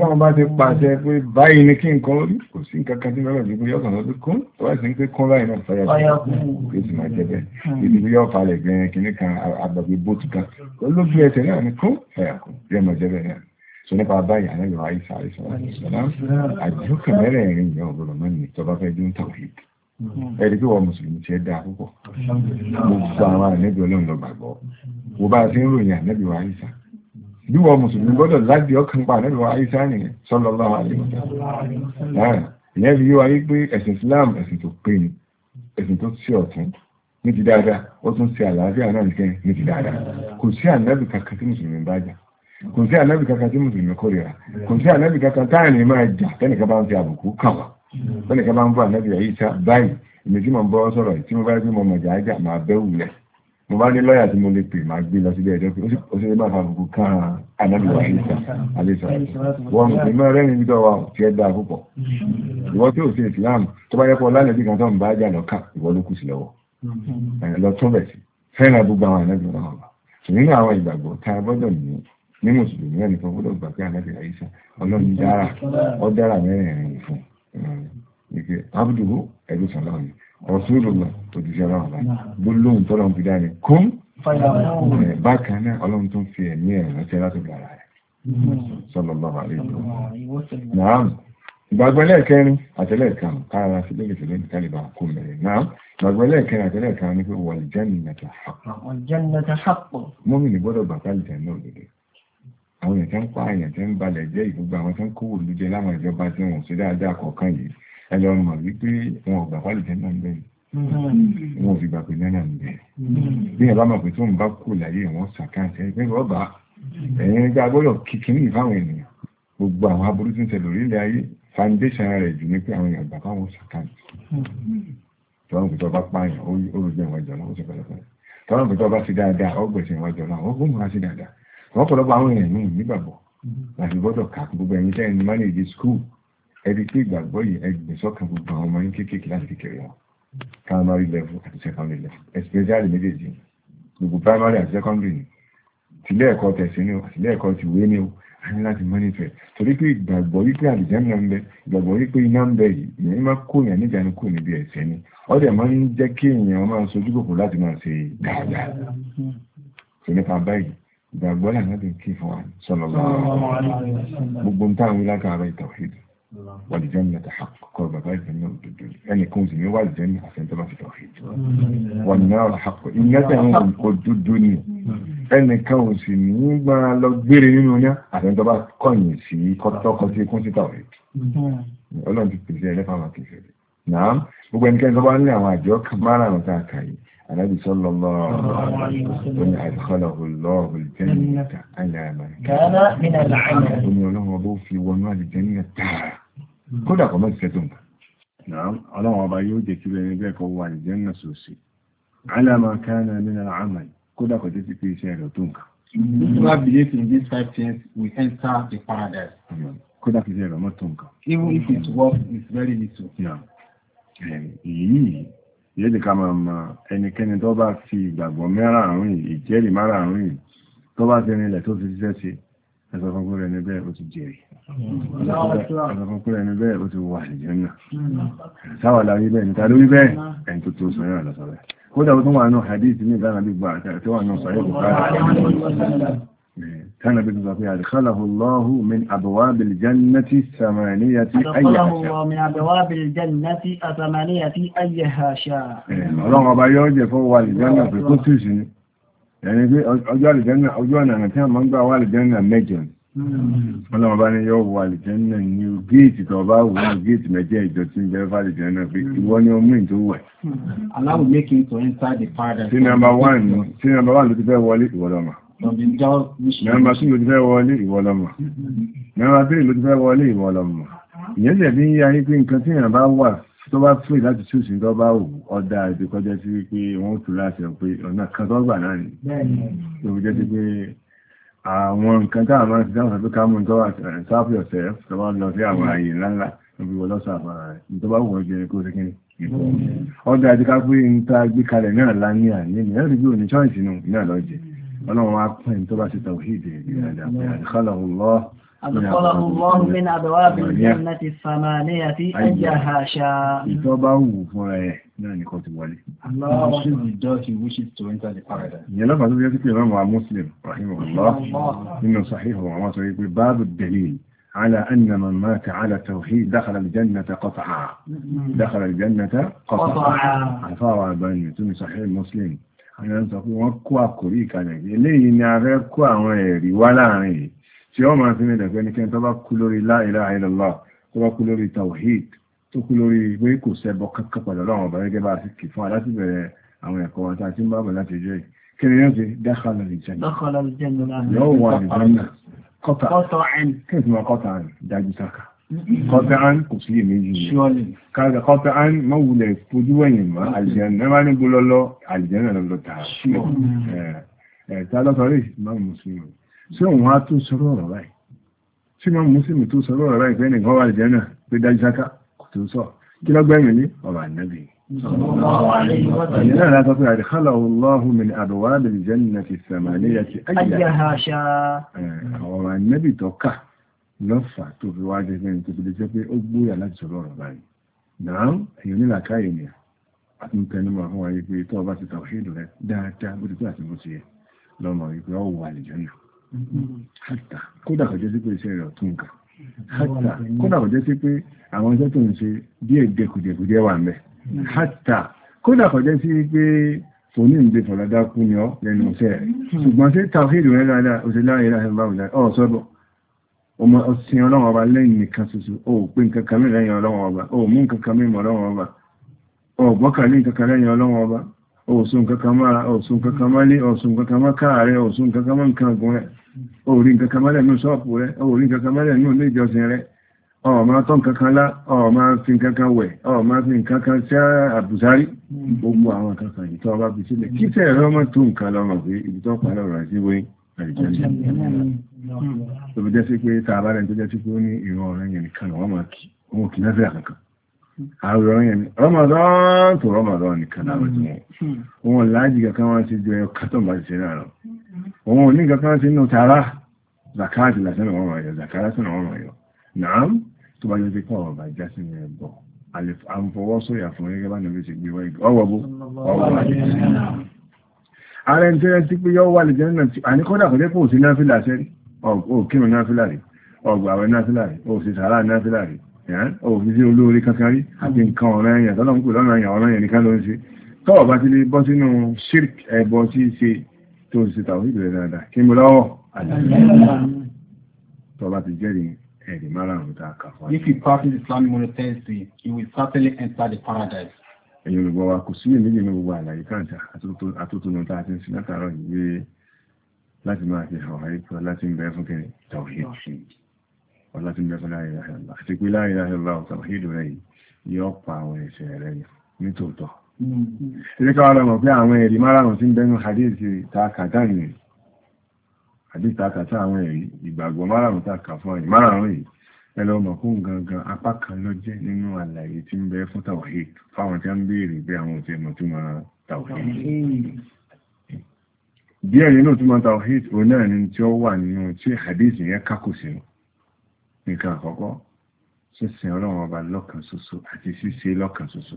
sọ nípa báyìí àlejò àìsàn àìsàn àìsàn àjọkà mẹ́rẹ̀ẹ̀rin ìyá ọ̀gbọ̀rọ̀ mọ́ ni tọba fẹ́ dún tàwọn èdè ẹ̀rí pé wọ́n mùsùlùmí ti ẹ́ dáa púpọ̀ gbogbo àwọn ànẹ́bí ọlọ́run lọ gbàgbọ́ wo bá ti ń ròyìn ànẹ́bí wa àìsà bí wọ́n mùsùlùmí gbọ́dọ̀ láti ọkàn pa ànẹ́bí wa àìsà nìyẹn sallallahu alaihi wasallam ah, ìyẹn fi yé wa wípé ẹ̀sìn Islam ẹ̀sìn tó pé ni ẹ̀sìn tó sí ọ̀tún ní ti dáadáa ó tún ṣe àlàáfíà náà nìkan ní ti dáadáa kò sí ànẹ́bí kankan tí kò sí ànábì kankan tí mùsùlùmí kórìíra kò sí ànábì kankan táàní máa jà tẹ́nìkan bá ń fi àbùkù kàn wá tẹ́nìkan bá ń bọ́ ànábì yìí sá báyìí èmi tí mo ń bọ́ sọ̀rọ̀ tí mo bá rí pé mo mọ̀jà ájà máa bẹ́ wulẹ̀ mo bá ní lọ́ọ̀yà tí mo lè pè máa gbé lọ sí ilé ẹjọ́ pé ó sì lè máa fàbùkù kan ànábì wa àlésà àlésà wọn kò ní máa rẹ́rìn níbi tọ́wọ́ tí ẹ dáa púpọ̀ ìwọ tí ò sí ìsìláàmù tó bá yẹ kó kan tó bá jà lọ́kà ìwọ ló kù sí lọ́wọ́ lọ bẹ̀ sí fẹ́ràn gbogbo àwọn ànábì wọn ọ̀la ṣùgbọ́n àwọn ìgbàgbọ́ tá a gbọ́dọ̀ ní ní mùsùlùmí ẹnìkan gbọ́dọ̀ gbà pé ànábì àyíṣà ọlọ́run dára ọ dára mẹ́rin fún ike abduhu ẹ̀rù sọ̀lá ni ọ̀sùlùmọ̀ òjìṣẹ́ ọlọ́run bá gbólóhùn tọ́lọ́run fi dáni kún bákan náà ọlọ́run tó ń fi ẹ̀mí ẹ̀ ránṣẹ́ láti gbàrà rẹ̀ sallallahu alaihi wasallam ìgbàgbẹ́lẹ̀ kẹrin àtẹ́lẹ̀kan kára sí lórí ìṣẹ̀lẹ̀ ìtàlìbà kò mẹ́rin náà ìgbàgbẹ́lẹ̀ kẹrin àtẹ́lẹ̀kan ní pé wal jannatu haqq mọ́mí ní gbọ́dọ̀ bàtà ìjẹ́ náà lòdì àwọn èèyàn tí ń pa èèyàn tí ń balẹ̀ jẹ́ ìgbogbo àwọn tí ń kówó ìlú jẹ láwọn ìjọba tí wọn ò ṣe dáadáa kọ̀ọ̀kan yìí ẹ lọ mọ̀ wípé wọn ò gbà pálí jẹ́ náà bẹ́ẹ̀ hmm. wọn ò fi gbà pé náà náà bẹ́ẹ̀ hmm. bí ẹ bá mọ̀ pé tó ń bá kú láyé wọn sàkáǹtì ẹgbẹ́ rọ́bà ẹ̀yìn ẹgbẹ́ agbọ́dọ̀ kìkìní ìfáwọn ènìyàn gbogbo àwọn aburú tí ń tẹ lórí ilẹ̀ ayé foundation rẹ̀ jù ní pé àwọn èèyàn gbà fáwọn sàkáǹtì hmm. tọ́wọ́n kò tọ́ bá pààyàn ó rò wọ́n pọ̀lọpọ̀ àwọn èèyàn míì nígbàgbọ́ láti gbọ́dọ̀ kà gbogbo ẹ̀yin tẹ́ ẹni mánéjì skul ẹbí pé ìgbàgbọ́ yìí ẹgbẹ̀ sọ́kàn gbogbo àwọn ọmọ yín kéékèèké láti kékeré wọn primary level àti secondary level especially méjèèjì gbogbo primary àti secondary ni tilé ẹ̀kọ́ tẹ̀sí ni o tilé ẹ̀kọ́ ti wé ni o a ní láti mọ́nítẹ̀ torí pé ìgbàgbọ́ wípé àlìjẹ́nà ń bẹ ìgbàgbọ́ wípé iná ń bẹ yìí ìyẹn máa kó èèyàn níjànú kò níbi ẹ̀sẹ̀ ni ó dẹ̀ máa ń jẹ́ kí èèyàn máa sojú kòkò láti máa ṣe dáadáa. sọ nípa báyìí ìgbàgbọ́ lànà ti kí fún wa sọ̀rọ̀ gbogbo ń táwọn lákàárọ̀ ìtàwíìdì wàlìjẹ́ni láti àkọ́kọ́ bàbá ìjẹ́ni òdòdó ẹni kún sí ní wàlìjẹ́ni àfẹ́ntọ́lá fi tàwíìdì wà ní náà àkọ́ ìyẹ́tẹ̀ àwọn òdòdó ni ẹni kan ò sì ní gbà lọ gbére nínú yá àfẹ́ntọ́lá kọ̀yìn sí kọ́tọ́kọ́ sí kún sí tàwíìdì ọlọ́run ti pèsè ẹlẹ́fà wà kìí fẹ́ gbogbo ẹnikẹ́ni tó bá ní àwọn àjọ márùn-ún tá a kà yìí النبي صلى الله عليه وسلم أدخله الله الجنة على من كان من العمل قل له وضوء في وما الجنة كل قمة كتنك نعم الله أبا يوجد بين ذلك هو الجنة سوسي على ما كان من العمل كل قمة في شيء كتنك If I believe in these five things, we enter the paradise. Kódà kìí ṣe ẹ̀rọ Even if it works, it's very little. Èyí yeah yéèdì ká máa mọ ẹnikẹ́ni tó bá fi ìgbàgbọ́ mẹ́rààrún yìí ìjẹ́rìí márààrún yìí tó bá fi rinlẹ̀ tó fi ṣiṣẹ́ sí ẹsọ fún kúrò ẹni bẹ́ẹ̀ ó ti jẹ́rìí ẹsọ fún kúrò ẹni bẹ́ẹ̀ ó ti wà àlìjẹ́nà sáwàlá rí bẹ́ẹ̀ níta lórí náà كان بن ربيع دخله الله من أبواب الجنة الثمانية أي دخله الله من أبواب الجنة الثمانية أي هاشا الله أبا يوجد فهو الجنة في قدس يعني في أجوى الجنة أجوى أنا كان من دعوى الجنة مجن ọlọ́run bá ní yọ́ wà lìjẹ́nà ní géètì tó bá wù ní géètì mẹ́jẹ́ ìjọ tí ń bẹ́rẹ̀ fà lìjẹ́nà pé ìwọ ni ọmọ ìjọ wẹ̀. allow me to enter the paradise. tí nàmbà wà ló ti fẹ́ wọlé ìwọ́lọ́mà. Mẹ́rin bá sí ló ti fẹ́ wọlé ìwọlọ́mọ̀. Mẹ́rin bá bèèrè ló ti fẹ́ wọlé ìwọlọ́mọ̀. Ìyẹn jẹ̀ bí ń yá yín pé nǹkan tí èèyàn bá wà tó bá fún ìdájú tí ó sì ń tọ́ bá wù ọ̀dà èdè kọjá sí wípé wọ́n tù láti ọ̀ pé ọ̀nà kan tó gbà náà ni. Tó fi jẹ́ sí pé àwọn nǹkan tá a máa ti dáhùn pé ká mú tọ́ sáfì ọ̀sẹ̀ tó bá lọ sí àwọn ààyè ńláńlá níbi wọ́n lọ́sà àfàrà rẹ̀ tó bá wù ọjọ́ kó sí kí ọ̀dà àti ká pé ń ta gbé kalẹ̀ náà lá ní àní أنا ما أعرف أنت بس توحيد يعني خلق الله أدخله الله من أبواب الجنة الثمانية أيها شاء. يتوبوا فوري يعني كنت بقولي. الله أشهد أن لا إله إلا الله. يلا بعد ذلك الإمام مسلم رحمه الله إنه صحيح وما تريد باب الدليل على أن من مات على التوحيد دخل الجنة قطعا دخل الجنة قطعا عفاوة البنية صحيح مسلم àwọn sọ pé wọ́n kó àkórí ìkàlẹ̀ eléyìí ni a fẹ́ kó àwọn ẹ̀rí wá láàrin yìí tí ó máa fi ní ìdẹ̀gbẹ́ ní kí n tó bá kú lórí la ilaha illallah tó bá kú lórí tawhid tó kú lórí pé kò sẹ́bọ kankan pẹ̀lú ọlọ́run ọba gẹ́gẹ́ bá a ti kì fún aláti bẹ̀rẹ̀ àwọn ẹ̀kọ́ wa tá a ti ń bá bọ̀ láti jẹ́ kí ni yóò ti dakhala al-jannah yóò wà al-jannah kọ́tà kọ́tán kò sí èméjì káàkiri kọ́tán mọ́wulẹ̀ fojú ẹ̀yìn mọ́ mm-hmm. àlìjẹ́nà máa ní gbólọ́lọ́ àlìjẹ́nà lọ́lọ́ tààrà ẹ̀ẹ̀ta lọ́sọ̀rọ̀ ìmọ̀ mùsùlùmí sí òun á tó sọ̀rọ̀ ọ̀rọ̀ báyìí sí mọ́ mùsùlùmí tó sọ̀rọ̀ ọ̀rọ̀ báyìí ní ọ̀rọ̀ ànábì لا تطيع دخله lọ́fà tó fi wá jẹ́ mẹ́rin tó fi lè jẹ́ pé ó gbóyà láti sọ̀rọ̀ ọ̀rọ̀ báyìí náà èyàn nílà káyè ni àti ń tẹnumọ́ fún wa yìí pé tó bá ti tàwọn ṣéèdù rẹ dáadáa bó ti tó àti bó ti yẹ lọ́mọ yìí pé ó wà àlejò yìí hátà kódà kò jẹ́ sí pé iṣẹ́ rẹ̀ ọ̀tún nǹkan hátà kódà kò jẹ́ sí pé àwọn iṣẹ́ tó ń ṣe díẹ̀ dẹkùdẹkùdẹ wà mẹ́ hátà kódà kò jẹ́ sí pé òní ìdè fọ̀ládá kú ni ọ́ lẹ́nu iṣẹ́ ṣùgbọ́n sí tàwọn ṣéèdù rẹ dáadáa òṣèlú ọmọ ọsìn ọlọ́run ọba lẹ́yìn nìkan ṣoṣo o ò pé nǹkan kan lẹ́yìn ọlọ́run ọba o ò mú nǹkan kan mìíràn ọba o ò gbọ́kàn lé nǹkan kan lẹ́yìn ọlọ́run ọba o ò so mára o ò so nǹkan kan o ò so nǹkan kan o ò so nǹkan kan mọ́ nǹkan o ò rí nǹkan kan mọ́lẹ̀ ṣọ́ọ̀pù rẹ̀ o ò rí nǹkan kan mọ́lẹ̀ ilé ìjọsìn rẹ̀ o ò máa tọ́ nǹkan lá o ò máa fi nǹkan wẹ̀ o ò máa fi nǹkan kan sí àbùsárí gbogbo àwọn kankan yìí tó ọba fi sílẹ̀ kí sẹ́ẹ̀rọ mọ́ tó nǹkan lọ́mọ pé ibi tó pa lọ́rọ̀ àti wé àìjẹ́ tó fi jẹ́ sí pé tààbá rẹ̀ tó jẹ́ sí pé ó ní ìran ọ̀rẹ́ yẹn nìkan wọ́n máa kí wọn kì náà fẹ́ àkankan àwòrán yẹn ni Ramadan tó Ramadan nìkan láwọn tí wọn wọn láàájì kankan wọn ti jẹ kátọ̀n bá ti ṣe náà lọ wọn ò ní kankan sí inú tààrà zakati lásán àwọn ọmọ ẹ̀yọ zakara sínú àwọn ọmọ ẹ̀yọ nàám tó bá yọ sí pọ̀ ọ̀bà ìjà sínú ẹ̀ bọ̀ àǹfọwọ́sọ̀yà fún gẹ́gẹ́ bá nàbí ti gbé wáyé ọwọ́ bó ọwọ́ àdìsí ààrẹ ń tẹ́lẹ̀ sí pé yọ wà lè jẹ́ náà àníkọ́dà kò dẹ́pọ̀ sí náà fi làṣẹ́rí òkírùn náfílà rí ọgbàwẹ̀ náfílà rí òsì sàárà náfílà rí òfìsí olóorí kankan rí àti nǹkan ọ̀rọ̀ ẹ̀yàn tọ́lọ́ ń pè lọ́nà ẹ̀yàn ọ̀rọ̀ ẹ̀yàn nìkan ló ń ṣe tọ́wọ̀ bá ti lè bọ́ sínú shirk ẹbọ tí í ṣe tó ń ṣe tàwọn ìbẹ̀rẹ̀ dáadáa kí mo lọ́wọ́ tọ́ba ti jẹ́rìí ẹ̀rì márùn-ún tá a kà ẹ̀yìn olùgbọ́ kò sí èmi nínú gbogbo àlàyé káàkiri àtúntò tá a ti ìwé láti máa fi hàn àrí pé láti ń bẹ fún kẹrẹ tawhid sí ọláti ń bẹ fún la ilaha illallah àti pé la ilaha illallah tawhid rẹ̀ yìí yóò pa àwọn ẹ̀ṣẹ̀ rẹ̀ nítòótọ́ ilé káwọn lọ mọ̀ pé àwọn ẹ̀rí márùn-ún tí ń bẹnu hadith takàtà ni hadith takàtà àwọn ẹ̀rí ìgbàgbọ́ márùn-ún takà fún ẹ̀rí márùn-ún yìí ẹ lọ mọ̀ fún gangan apá kan ló jẹ́ nínú àlàyé tí ń bẹ fún tawhid fáwọn tí wọ́n ń béèrè bí àwọn òṣèlú tó máa tawhid díẹ̀ nínú tó máa tawhid òun náà ni tí ó wà nínú tí hadith yẹn kákò sínú nǹkan àkọ́kọ́ sísìn ọlọ́run ọba lọ́kàn ṣoṣo àti ṣíṣe lọ́kàn ṣoṣo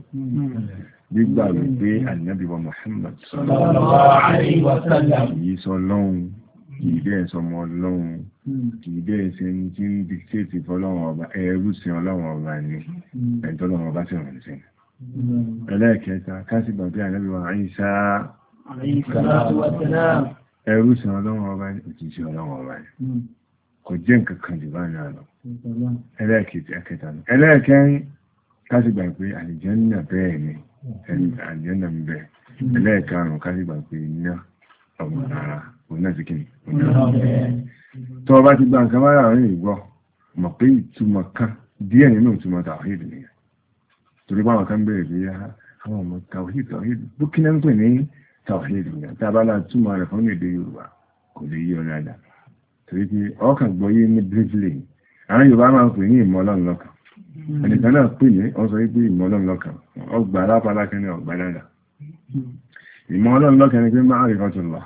gbígbà wípé ànábì wa Muhammad kìí sọ lọ́hun kìí dẹ́ sọ mọ́ lọ́hun kìí dẹ́ ṣe ń tí ń diktéètì fọlọ́run ọba ẹrú sí ọlọ́run ọba ni ẹ̀ńtọ́lọ́run ọba sì rìn sí ẹlẹ́ẹ̀kẹta kásìgbà pé ànábì wa Ìsá ẹrú sí ọlọ́wọ́ ọba ní òjìṣẹ́ ọlọ́wọ́ ọba ní hmm. kò jẹ́ nǹkan kan jù báyìí náà lọ ẹlẹ́ẹ̀kejì ẹ̀kẹta lọ ẹlẹ́ẹ̀kẹrin kásìgbà pé àlìjẹ́nà bẹ́ẹ̀ ni àlìjẹ́nà ń bẹ hmm. ẹlẹ́ẹ̀karùn-ún kásìgbà pé iná ọmọ ara òun náà ti kí ni tó ọba ti gba nǹkan mára rìn ìgbọ́ mọ̀ pé ìtumọ̀ kan díẹ̀ nínú ìtumọ̀ tàwíìd nìyẹn torí pé àwọn kan bẹ̀rẹ̀ bí àwọn ọmọ tàwíìd tàwíìd bókínà ń pè ní tàfíìdì rẹ̀ tábàlà túmọ̀ rẹ̀ fún èdè Yorùbá kò lè yí ọ dáadáa torí pé ọkàn gbọ́yé ní bírífìlì àwọn Yorùbá máa ń pè ní ìmọ̀ Ọlọ́run lọ́kàn ẹnìkan náà pè ní ọ sọ wípé ìmọ̀ Ọlọ́run lọ́kàn ọgbà alápalákẹ́ ní ọgbà dáadáa ìmọ̀ Ọlọ́run lọ́kàn ni pé máa rí ọtún lọ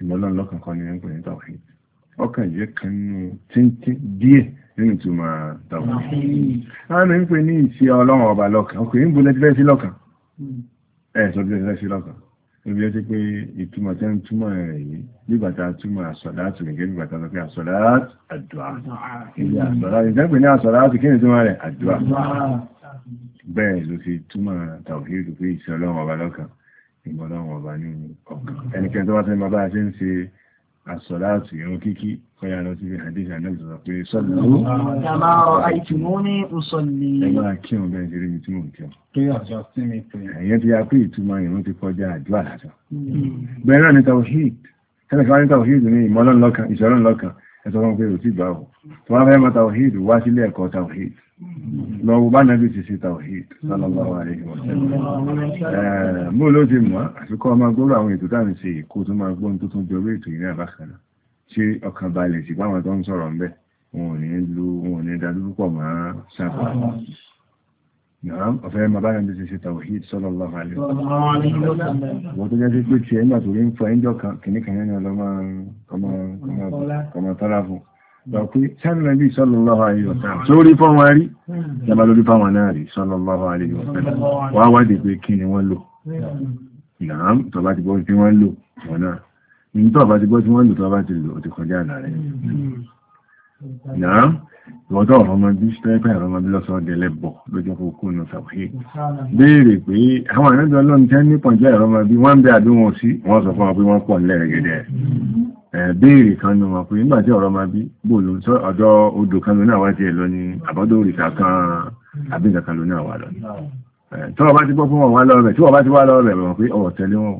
ìmọ̀ kan ni ẹ ń pè ní tàfíìdì ọkàn yẹ kan nù tíntín díẹ̀ nínú ìtumọ̀ tàfíìdì àwọn ń pè ní ìṣe níbi ó ti pé ìtumọ̀ tẹ́ ń túmọ̀ rẹ̀ yìí nígbàtà túmọ̀ àsọ̀láàtì rẹ̀ gẹ́gbẹ̀ gbàtà lọ́pẹ́ àsọ̀láàtì àdúà ilé àsọ̀láàtì ìjẹ́gbẹ̀ ní àsọ̀láàtì kí ni túmọ̀ rẹ̀ àdúà bẹ́ẹ̀ ló ti túmọ̀ tàwíìlú pé ìṣẹ́ ọlọ́run ọba lọ́kàn ìmọ̀ ọlọ́run ọba ní ọkàn ẹnikẹ́ni tó bá tẹ́ ń bá bá ṣe ń ṣe àsọ̀láàtì ìrun kíkí kọ́yà lọ sí ibi hadith ànábì sọ pé sọ́lọ́ kama ra'aytumuni usalli ẹgbẹ́ akíhùn bẹ́ẹ̀ ṣeré mi tí mò ń kí ọ. ẹ̀yẹ́ ti yá pé ìtumọ̀ ìrun ti kọjá àdúrà lásán. Hmm. bẹ́ẹ̀ náà ni tawhid tẹ́lẹ̀ kí wọ́n ní tawhid ní ìmọ̀lọ́nlọ́kan ìṣọ́lọ́nlọ́kan ẹ̀sọ́ wọn pé òtí gbà ó tó wọ́n lọ́wọ́ bá nàbí ti ṣe tàwàhìd sallallahu alaihi wa sallam mú ló ti mọ́ àfikọ́ ọmọ gbọ́rọ̀ àwọn ètò dáàmì sí ìkó tó máa gbọ́n tó tún jọ ètò ìrìn àbákanà ṣe ọkàn balẹ̀ sí báwọn tó ń sọ̀rọ̀ ń bẹ̀ wọn ò ní lu wọn ò ní dájú púpọ̀ mọ́ sáfà Nàám ọ̀fẹ́ ma bá nàbí ti ṣe tàwàhìd sallallahu alaihi wa sallam wọ́n tó jẹ́ sí pé sánàbí sallallahu alaihi wasallam sórí fọ́nwà rí jẹba lórí fáwọn náà rí sallallahu alaihi wasallam wá wádìí pé kí ni wọ́n lò ìlànà tọba ti gbọ́ tí wọ́n lò wọ́n náà ní tọba ti gbọ́ tí wọ́n lò tọba ti lò ti kọjá àlà rẹ̀ ìlànà ìwọ́tọ̀ ọ̀rọ̀mọ bí stẹ́pẹ́ ọ̀rọ̀mọ bí lọ́sọ̀ délẹ̀ bọ̀ lójú kókó nù sàwọ́hí béèrè kan nù wọn pé nígbà tí ọ̀rọ̀ máa bí bóòlù sọ ọ̀dọ̀ odò kan lónà wá tiẹ̀ lọ ní àbọ́dọ̀ òrìṣà kan àbí nǹkan kan lónà wá lọ tí wọ́n bá ti gbọ́ fún wọn wá lọ rẹ̀ tí wọ́n bá ti wá lọ rẹ̀ wọ́n pé ọ̀rọ̀ tẹ̀lé wọn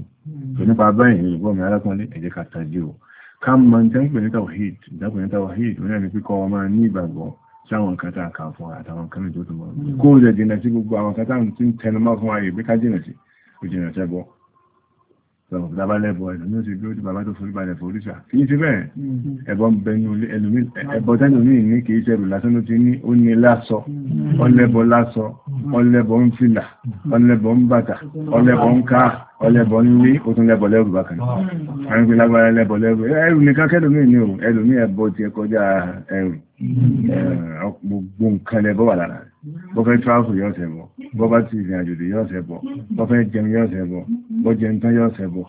tó nípa báyìí ìgbọ́ mi alákùnrin ẹ̀jẹ̀ ká tají o ká mọ ní tẹ́ńpẹ̀ ní tawhid ìdápẹ̀ ní tawhid wọ́n yà ní píkọ́ ọmọ ní ìgbàgbọ́ sáwọn kàtà kan fún àtàwọn kan tó tó mọ́ kó o jẹ́ jìnà sí gbogbo àwọn kàtà tí ń tẹnumọ́ fún ayé bí ká jìnà sí sọ̀rọ̀ bàbá lẹ́bọ̀ ẹ̀lùmí ó ti dúró tí bàbá tó forí balẹ̀ forí sà kí ti bẹ́ẹ̀ mm-hmm. ẹ̀bọ̀n bẹnu ẹlùmí ẹ̀bọ̀ tẹ́nu mí ní kìí ṣẹlù lásán ló ti ní ó ní lásọ ọlẹ́bọ̀ mm-hmm. lásọ ọlẹ́bọ̀ ń fìlà ọlẹ́bọ̀ ń bàtà ọlẹ́bọ̀ ń káà ọlẹ́bọ̀ ní wí ó tún lẹ́bọ̀ lẹ́rù bákan àwọn ah. ìpínlẹ̀ agbára lẹ́bọ̀ lẹ́rù ẹrù nìkan kẹ́lùmí ní o ẹlùmí ẹbọ ti ẹ kọjá ẹrù mm. eh, gbogbo nǹkan lẹ́bọ̀ wà lára bó fẹ́ tráfù yóò ṣe bọ̀ bó bá ti ìrìn àjòdì yóò ṣe bọ̀ bó fẹ́ jẹun yóò ṣe bọ̀ bó jẹun tán yóò ṣe bọ̀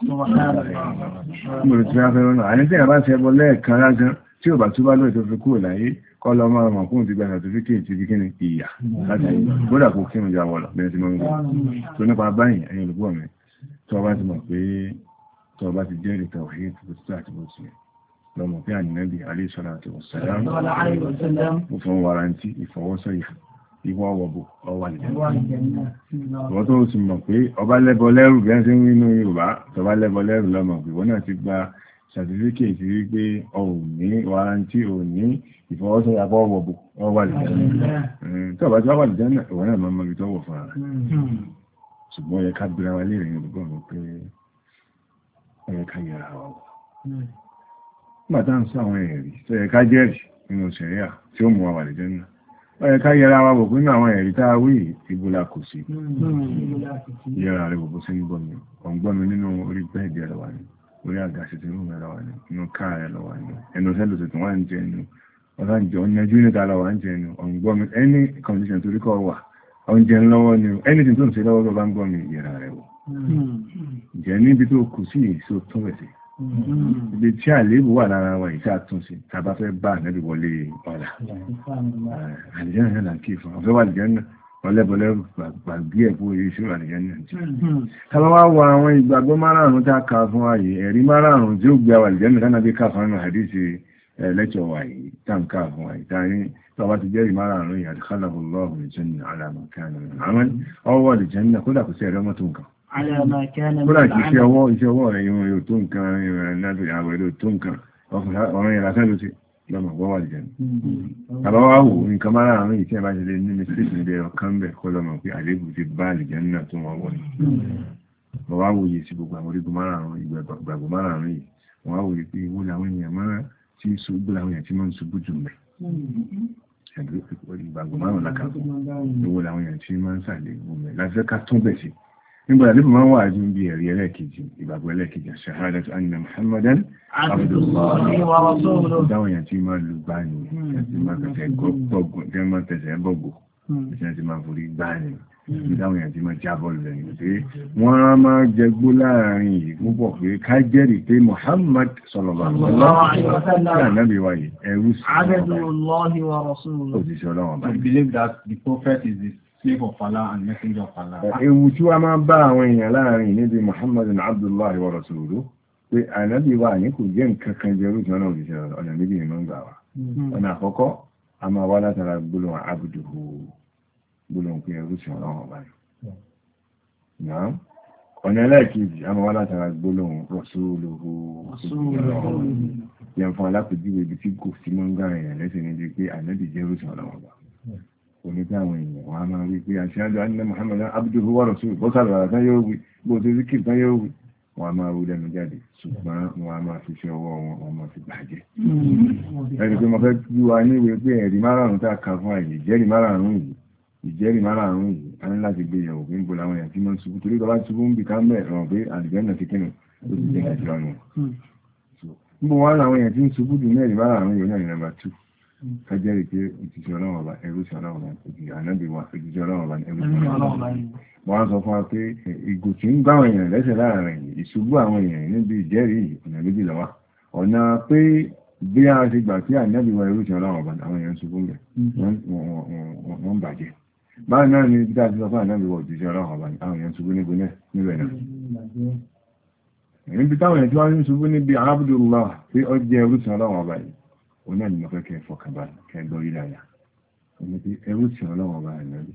mo lè tún afẹ́ rọ́nà àní tí ẹ bá ṣe lẹ́ẹ̀kan lásán tí ò bá túbá lóye tó fi kúrò láyé kọ́ lọ máa mọ̀ fún ìdígbà sàtífíkèètì bí kíni ìyà láti àyè bódà kò kírun jà wọ̀lọ̀ bẹ́ẹ̀ tí mo ń gbọ́ tó nípa báyìí ẹ̀yin olùgbọ́ mi tọba ti mọ̀ pé tọba ti jẹ́rìí tawhid tó ti àti bó ti lọ́mọ pé ànínábì alayhi salatu wassalam ó fún warranty ìfọwọ́sọ̀yà ìwọ ọwọ̀bọ̀ ọwà nìjẹ́nà ọwọ́ tó sì mọ̀ pé ọba lẹ́bọ lẹ́rù bẹ́ẹ̀ sí nínú Yorùbá tọba lẹ́bọ lẹ́rù lọ́mọ pé wọ́n náà ti gba sàtífíkèètì wípé ọ̀ní warranty òní ìfọwọ́sọ̀yà pọ̀ ọwà nìjẹ́nà tọba ṣùgbọ́n yẹ ká wa léèrè olùgbọ́n mi pé ó yẹra wa wò hmm. nígbà tá à ń sọ àwọn ẹ̀rí tó yẹ ká jẹ́rìí nínú ṣẹ̀ríà tí ó mú wa wà lè jẹ́nu ó yẹra wa wò pé nínú àwọn ẹ̀rí tá a wí ìbúra kò sí hmm. Hmm. yẹra rẹ gbogbo sí ń gbọ́ mi ọ̀ ń gbọ́ mi nínú orí bẹ́ẹ̀dì ẹ̀rọ wa ni orí àga sì ti rú ẹ̀rọ wa ni inú káà ẹ̀rọ wa ni ẹnu sẹ́lù tuntun wà ń jẹ ẹnu ọ̀sán jọ ọ̀nà júnítà lọ wà ń jẹ ẹnu ọ̀ ń gbọ́ mi any condition torí kọ́ wà oúnjẹ lọ́wọ́ ni anything tó ń ṣe lọ́wọ́ tó ń gbọ́ mi yẹra rẹ̀ wò hmm. jẹ́ níbi tó kù sí èso tún rẹ̀ hmm. ibi tí àléébù wà lára wa ìṣe àtúnṣe tàbá fẹ́ bá ànábì wọlé ọ̀la hmm. àlìjẹ́nà náà kí fún ọ̀fẹ́ wà àlìjẹ́nà ọlẹ́bọlẹ́rù gbàgbé tọba ti jẹ́rìí mara àrùn yìí àti kálàbù lọ́ọ̀bù ìjẹ́nì alàmà kánà àwọn ọwọ́ ìjẹ́nì náà kódà kò sí ẹ̀rọ mọ́tò nǹkan kódà kì í ṣe ọwọ́ iṣẹ́ ọwọ́ rẹ̀ irun yóò tó nǹkan ìrìn àjò àwẹ̀ yóò tó nǹkan ọ̀rọ̀ yẹn lásán ló ti lọ́mọ gbọ́wà ìjẹ́nì mm-hmm. tàbá wá wò nǹkan mara àrùn yìí tí ẹ bá ṣe lé ní mistake níbi ẹ̀rọ kan bẹ̀ kó lọ́mọ pé àlébù ti bá ìjẹ́nì náà tó wọ́n wọ̀ ni wọ́n mm-hmm. wá wòye sí gbogbo àwọn orígun mara àrùn ìgbàgbọ́ mara àrùn yìí wọ́n wá wòye ìgbàgbọ́ márùn-ún lákàtún owó làwọn èèyàn tí máa ń sàlẹ̀ ìgbòmẹ̀ láfẹ́ ká bẹ̀ sí nígbàdà lè máa ń wà ní bí ẹ̀rí ẹlẹ́ẹ̀kejì ìgbàgbọ́ ẹlẹ́ẹ̀kejì ṣàhádà anna muhammadan abdullahi wa rasuluhu dáwọn èèyàn tí máa lù hmm. gbá ẹ̀sìn máa tẹ̀sẹ̀ gbọ́gbọ́gbọ́ ìdáwọn èèyàn ti máa jábọ̀ lẹ́yìn pé wọ́n máa jẹgbó láàrin yìí púpọ̀ pé ká jẹ́rì pé Muhammad sallallahu alaihi wa sallam tí ànábì wa yìí believe that the prophet is the slave of Allah and messenger of Allah. Ewu tí wá máa bá àwọn èèyàn láàrin Abdullahi wa Rasuluhu pé ànábì wa ní kò jẹ́ nǹkan kan jẹ́rú tí wọ́n náà òjìṣẹ́ ọ̀nà gbólóhùn pé ẹrú sí ọlọ́run ọba ni ọ̀nà ẹlẹ́ẹ̀kejì a máa wá látara gbólóhùn rọ̀sọ́lọ́hó yẹn fún alápèjúwe ibi tí kò sí mọ́ngá èèyàn lẹ́sẹ̀ níbi pé ànábì jẹ́ rú sí ọlọ́run ọba òní àwọn èèyàn wọn a máa wí pé àṣíyájú anna muhammad abduhu wa rasul bọ́sàlù àrà tán yóò wí bó ti rí kìí tán yóò wí wọn a máa wú lẹ́nu jáde ṣùgbọ́n wọn a máa fi ṣe ọwọ́ wọn wọn máa fi bàjẹ́ mm. ẹni pé mo fẹ́ ìjẹ́rìí márààrún yìí a ní láti gbé yẹ̀wò pé ń bo làwọn èèyàn tí mo ń ṣubú torí bàbá ṣubú ń bì ká mẹ́ ràn pé àlùjànnà ti kínú ó ti jẹ́ àjọ ọ̀nà ń bo wá làwọn èèyàn tí ń ṣubú jù mẹ́rin márààrún yìí ó náà ní nàmbà two hmm. ká jẹ́rìí pé òjijì ọlọ́run ọba ẹrú sí ọlọ́run ọba òjijì ànábì wa òjijì ọlọ́run ọba ẹrú sí ọlọ́run ọba mo wá sọ fún wa pé ìgò tí ń gbá àwọn èèyàn lẹ́sẹ̀ láàrin ìṣubú àwọn èèyàn níbi ìjẹ́rìí ọ̀nà méjì ló wà ọ̀nà pé bí a ti gbà tí ànábì wa ẹrú sí ọlọ́run ọba àwọn èèyàn ṣubú hmm. ń bẹ̀ wọ́n bàjẹ́ báyìí náà ni dídá àti sọ́fà náà lọ́wọ́ òjíṣẹ́ ọlọ́run ọba àwọn èèyàn ṣubú níbo náà níbẹ̀ náà níbi táwọn èèyàn tí wọ́n ń ṣubú níbi arábùdùrùlá pé ó jẹ́ ẹrúsìn ọlọ́run ọba yìí òun náà ni mo fẹ́ kẹ́ ẹ fọkànbá kẹ́ ẹ gbọ́ yíra yà ẹni ẹrúsìn ọlọ́run ọba ẹ̀nàbí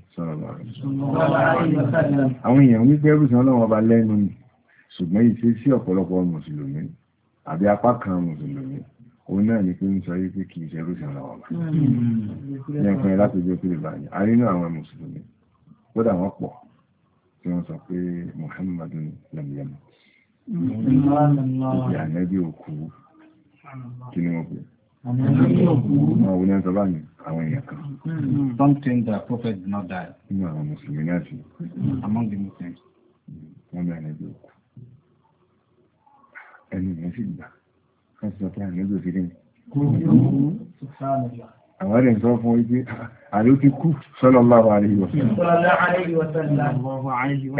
sọ̀rọ̀ òun náà ní pé ń sọ yí pé kìí ṣe rúṣin lọ́wọ́ bá hmm. ní ẹ̀kùn ẹ̀ láti jẹ́ pílè báyìí a nínú àwọn mùsùlùmí kódà wọ́n pọ̀ tí wọ́n sọ pé Muhammadu lẹ́mìyàmù ìyá nẹ́bí òkú kí ni wọ́n pè àwọn oníyàn sọ́bà ní àwọn èèyàn kan hmm. something that prophet did not die nínú àwọn mùsùlùmí náà sí hmm. among the Muslims wọ́n bẹ̀rẹ̀ nẹ́bí òkú ẹni yẹn sì gbà ẹ̀sùn kí àmì ìgbò sílé àwọn ẹ̀rẹ̀ sọ fún wípé àrí ó ti kú sallallahu alaihi wasallam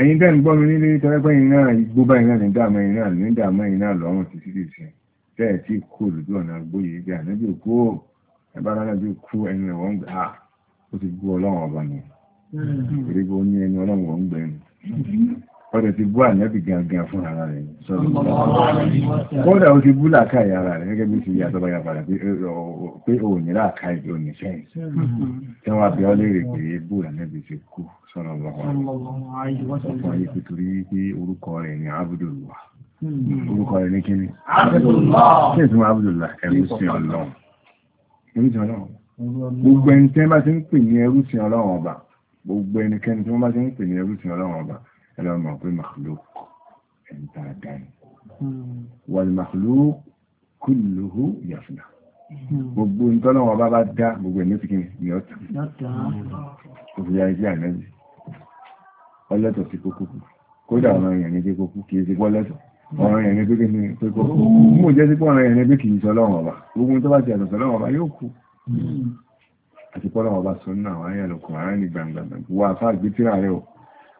ẹ̀yin tẹ́ ń gbọ́ mi nílé tẹ́lẹ́pẹ́ iná igbó bá iná ní dáàmọ́ iná ní dáàmọ́ iná lọ́rùn ti sílé sí tẹ́ẹ̀ tí kú olùdó ọ̀nà gbóyè ìgbé ànábì kú ẹ̀bára nábì kú ẹni ẹ̀wọ̀n gbà á ah, ó ti gbó ọlọ́run ọba ni ìrìgbó mm-hmm. ní ẹni ọlọ́run ọ̀gbẹ́ni ọdọ̀ ti bú ànẹ́bì gangan fún ara rẹ̀ sọ́dọ̀ kódà ó ti bú làákàyè ara rẹ̀ gẹ́gẹ́ bí ti yàtọ̀ bá yàpàdà pé ò ní làákàyè ò ní sẹ́yìn tí wọ́n bí ọ léèrè pé bú ànẹ́bì ti kú sọ́dọ̀ lọ́wọ́ orúkọ rẹ̀ ní kíní Abdullah ṣe hmm. ìtumọ̀ Abdullah ẹrúsìn ọlọ́run gbogbo ẹni tí wọ́n bá ti ń pè ní ẹrúsìn ọlọ́run ọlọ́run ọba ẹlọ́mọ̀ pé makhluk ẹ̀ntà dání hmm. wal makhluk kulluhu yafna hmm. gbogbo ìtọ́lọ́wọ́ bá bá dá gbogbo ẹ̀mí fi kíni ni ọ̀tá kò fi ya iṣẹ́ ànábì ọlẹ́tọ̀ sí kókó kódà ọ̀nà ìrìn ní kókó kìí sí pọ́lẹ́tọ̀ ọ̀rọ̀ ìrìn pé kí ni pé kókó mú hmm. jẹ́ sí pọ́nrọ̀ ìrìn pé kìí sọlọ́wọ́ ọba gbogbo tó bá ti àtọ̀ sọlọ́wọ́ ọba yóò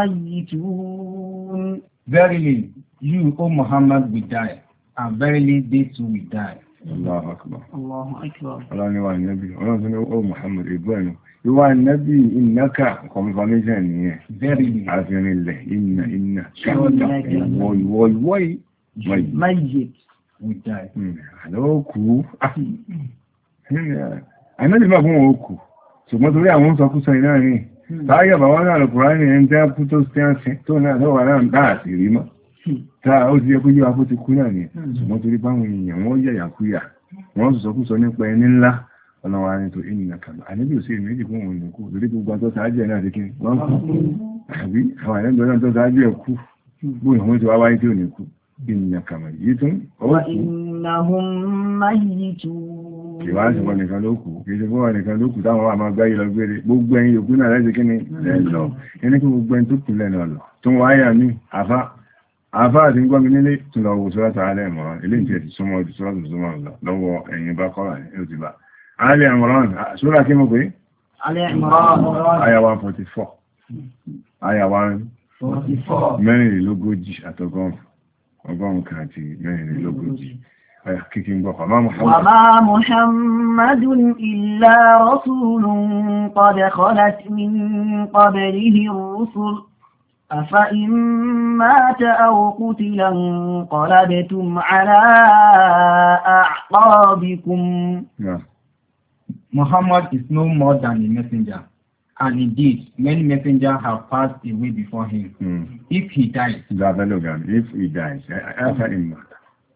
ميتون Verily, you, O Muhammad, will die, and verily they too will die. Allahu Akbar. Allahu Akbar. Ọlọ́run ni wà ní Nabi. Ọlọ́run ni ó Muhammad ìgbọ́ ẹ̀nu. Ìwà Nabi ìnáka confirmation nìyẹn. Verily. Àfihàn ilẹ̀ ìnà ìnà. Ìwọ ìwọ ìwọ yìí. Mayit will die. Hello, hmm. Àlọ́ kú. Ah. Hmm, Ànábì máa fún wọn ó kú. Ṣùgbọ́n torí àwọn sọkúsọ ìnáà ni. táyà bàbá náà lọ́kùnrin ní ẹni tẹ́ kú tó sí tó náà na náà dáa sí rí mọ́ táà ó ti yẹ kó yíwa kó ti kú náà ni ṣùgbọ́n torí báwọn èèyàn wọ́n yẹ̀yà kúyà wọ́n sọ̀sọ́kúsọ nípa ẹni ńlá ọlọ́wà ní tó ìnìyàn kàbà àníbì òsì méjì fún òun nìkú lórí gbogbo tó sáájú ẹ̀ náà ti kí ìwà ń sọ̀rọ̀ nìkan ló kù kì í ṣe fún ẹnìkan ló kù táwọn wà máa gbáyé lọ gbére gbogbo ẹ̀yin yòókù náà lẹ́sẹ̀ kí ni lẹ́lọ ẹni kí gbogbo ẹni tó kù lẹ́nu ọ̀lọ̀ tó ń wáyà mí àfá àfá àti ń gbọ́mi nílé tó lọ wo sọ́rọ́ tàà lẹ́ mọ́ ilé ìjẹ́ ti súnmọ́ ju sọ́rọ́ tó súnmọ́ lọ lọ́wọ́ ẹ̀yin bá kọ́ra ní ó ti bá alẹ́ àmọ́rán sóra kí mo pé aya 144 mẹ́rìnlélógójì àtọgọ́rùn ọgọ́rùn-ún kan àti mẹ́rìnlélógójì وما محمد إلا رسول قد خلت من قبله الرسل أفإن مات أو على أعقابكم yeah. Muhammad is no more than a messenger. And indeed, many messengers have passed away before him. Mm. If he dies. If he dies. Eh,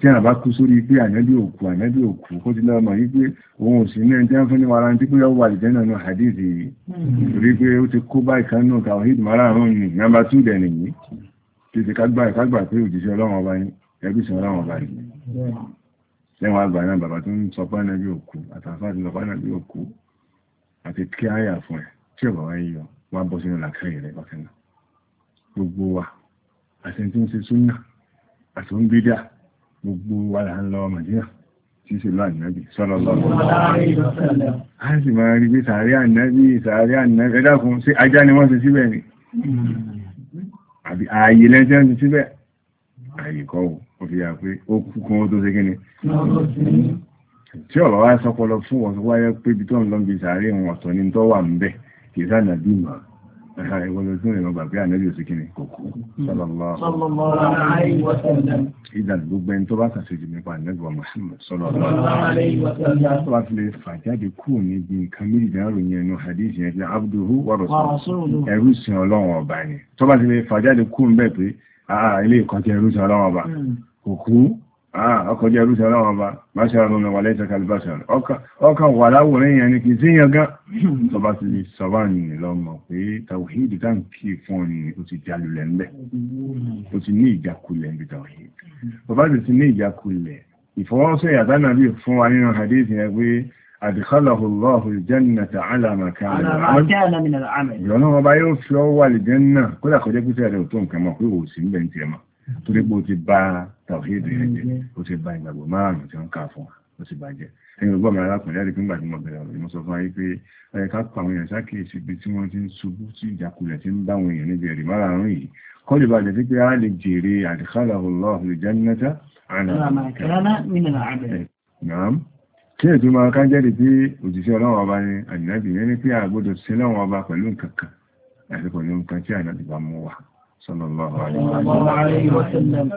tí a bá kú sórí pé ànábì òkú ànábì òkú kó ti lọ́mọ yí pé òun ò sí ní ẹni fún ní wàrà tí bóyá wà lìjẹ́ náà hadithi yìí torí pé ó ti kó bá ìkan náà tawhid márààrún ní nàmbà tú dẹ̀ nìyí tí ti kágbà ìkágbà pé òjíṣẹ́ ọlọ́run ọba ní ẹbí sọ ọlọ́run ọba ní lẹ́wọ̀n àgbà náà bàbá tó ń sọ pé òkú àtàfà àti kí gbogbo wa là ń lọ Màdínà tí ṣe lọ ànábì sọ́lọ́ lọ́wọ́. a sì máa rí pé sàárè ànábì sàárè ànábì ẹ̀dàkùn sí ajá ni wọ́n ti síbẹ̀ ni àbí ààyè lẹ́jẹ́ ti síbẹ̀ ààyè kọ́ ò fi yà pé ó kú kan ó tó ṣe kíni tí ọ̀rọ̀ wá sọpọlọ fún wọn pé ibi tó ń lọ sàárè wọn ọ̀tọ̀ ni tó wà ń bẹ̀ kì í sànàbí màá ìwọlódún ìwọ̀n gbàgbé ànẹ́bí òsì kìíní kòkó sọ́lọ́lọ́ ìdàn gbogbo ẹni tó bá sàṣejì nípa ànẹ́bí Muhammad sọ́lọ́lọ́ tó bá fi lè fàjáde kú níbi nǹkan méjì dárò yẹn nínú hadith yẹn fi abduhu wa rasuluhu ẹrú sin ọlọ́run ọba Ah, ọkọ̀ jẹ́ ẹrúsẹ̀ ọlọ́wọ́ ọba máṣára lọ́nà wà lẹ́sẹ̀ kalibáṣára ọkọ̀ wà láwòrán yẹn ni kì í sí yẹn gán tọba ti sọba nìyẹn lọ́mọ pé tàwíìdì tá n kí fún ọ nìyẹn o ti jalulẹ̀ ńbẹ̀ o ti ní ìjákulẹ̀ níbi tàwíìdì bàbá ti ti ní ìjákulẹ̀ ìfọwọ́sẹ̀ yàtánà bí fún wa nínú hadith yẹn pé àdìkọ́lọ̀hù lọ́hù ìjẹ́nàtà alàmàkà àlàmàkà ìrọ̀lọ́wọ́ bá yóò fi ọwọ́ àlìjẹ́ náà kó torí pé o ti ba tàwíìdì rẹ jẹ mm-hmm. o ti ba ìgbàgbọ́ márùn-ún tí wọ́n kà fún o ti bàjẹ́ ẹ̀yìn ọgbọ́n mi alákùnrin láti pín gbàgbọ́ bẹ̀rẹ̀ ọ̀rọ̀ ìmọ̀ sọ fún ayé pé ẹ̀yẹ ká pa àwọn èèyàn sákèèsì ibi tí wọ́n ti ń ṣubú sí ìjákulẹ̀ tí ń bá àwọn èèyàn níbi ẹ̀rí márùn-ún yìí kọ́ lè bàjẹ́ sí pé a lè jèrè àdìkálà ọlọ́ọ̀hún ìjánilẹ́ta àná kí ètò máa sallallahu alaihi wa sallam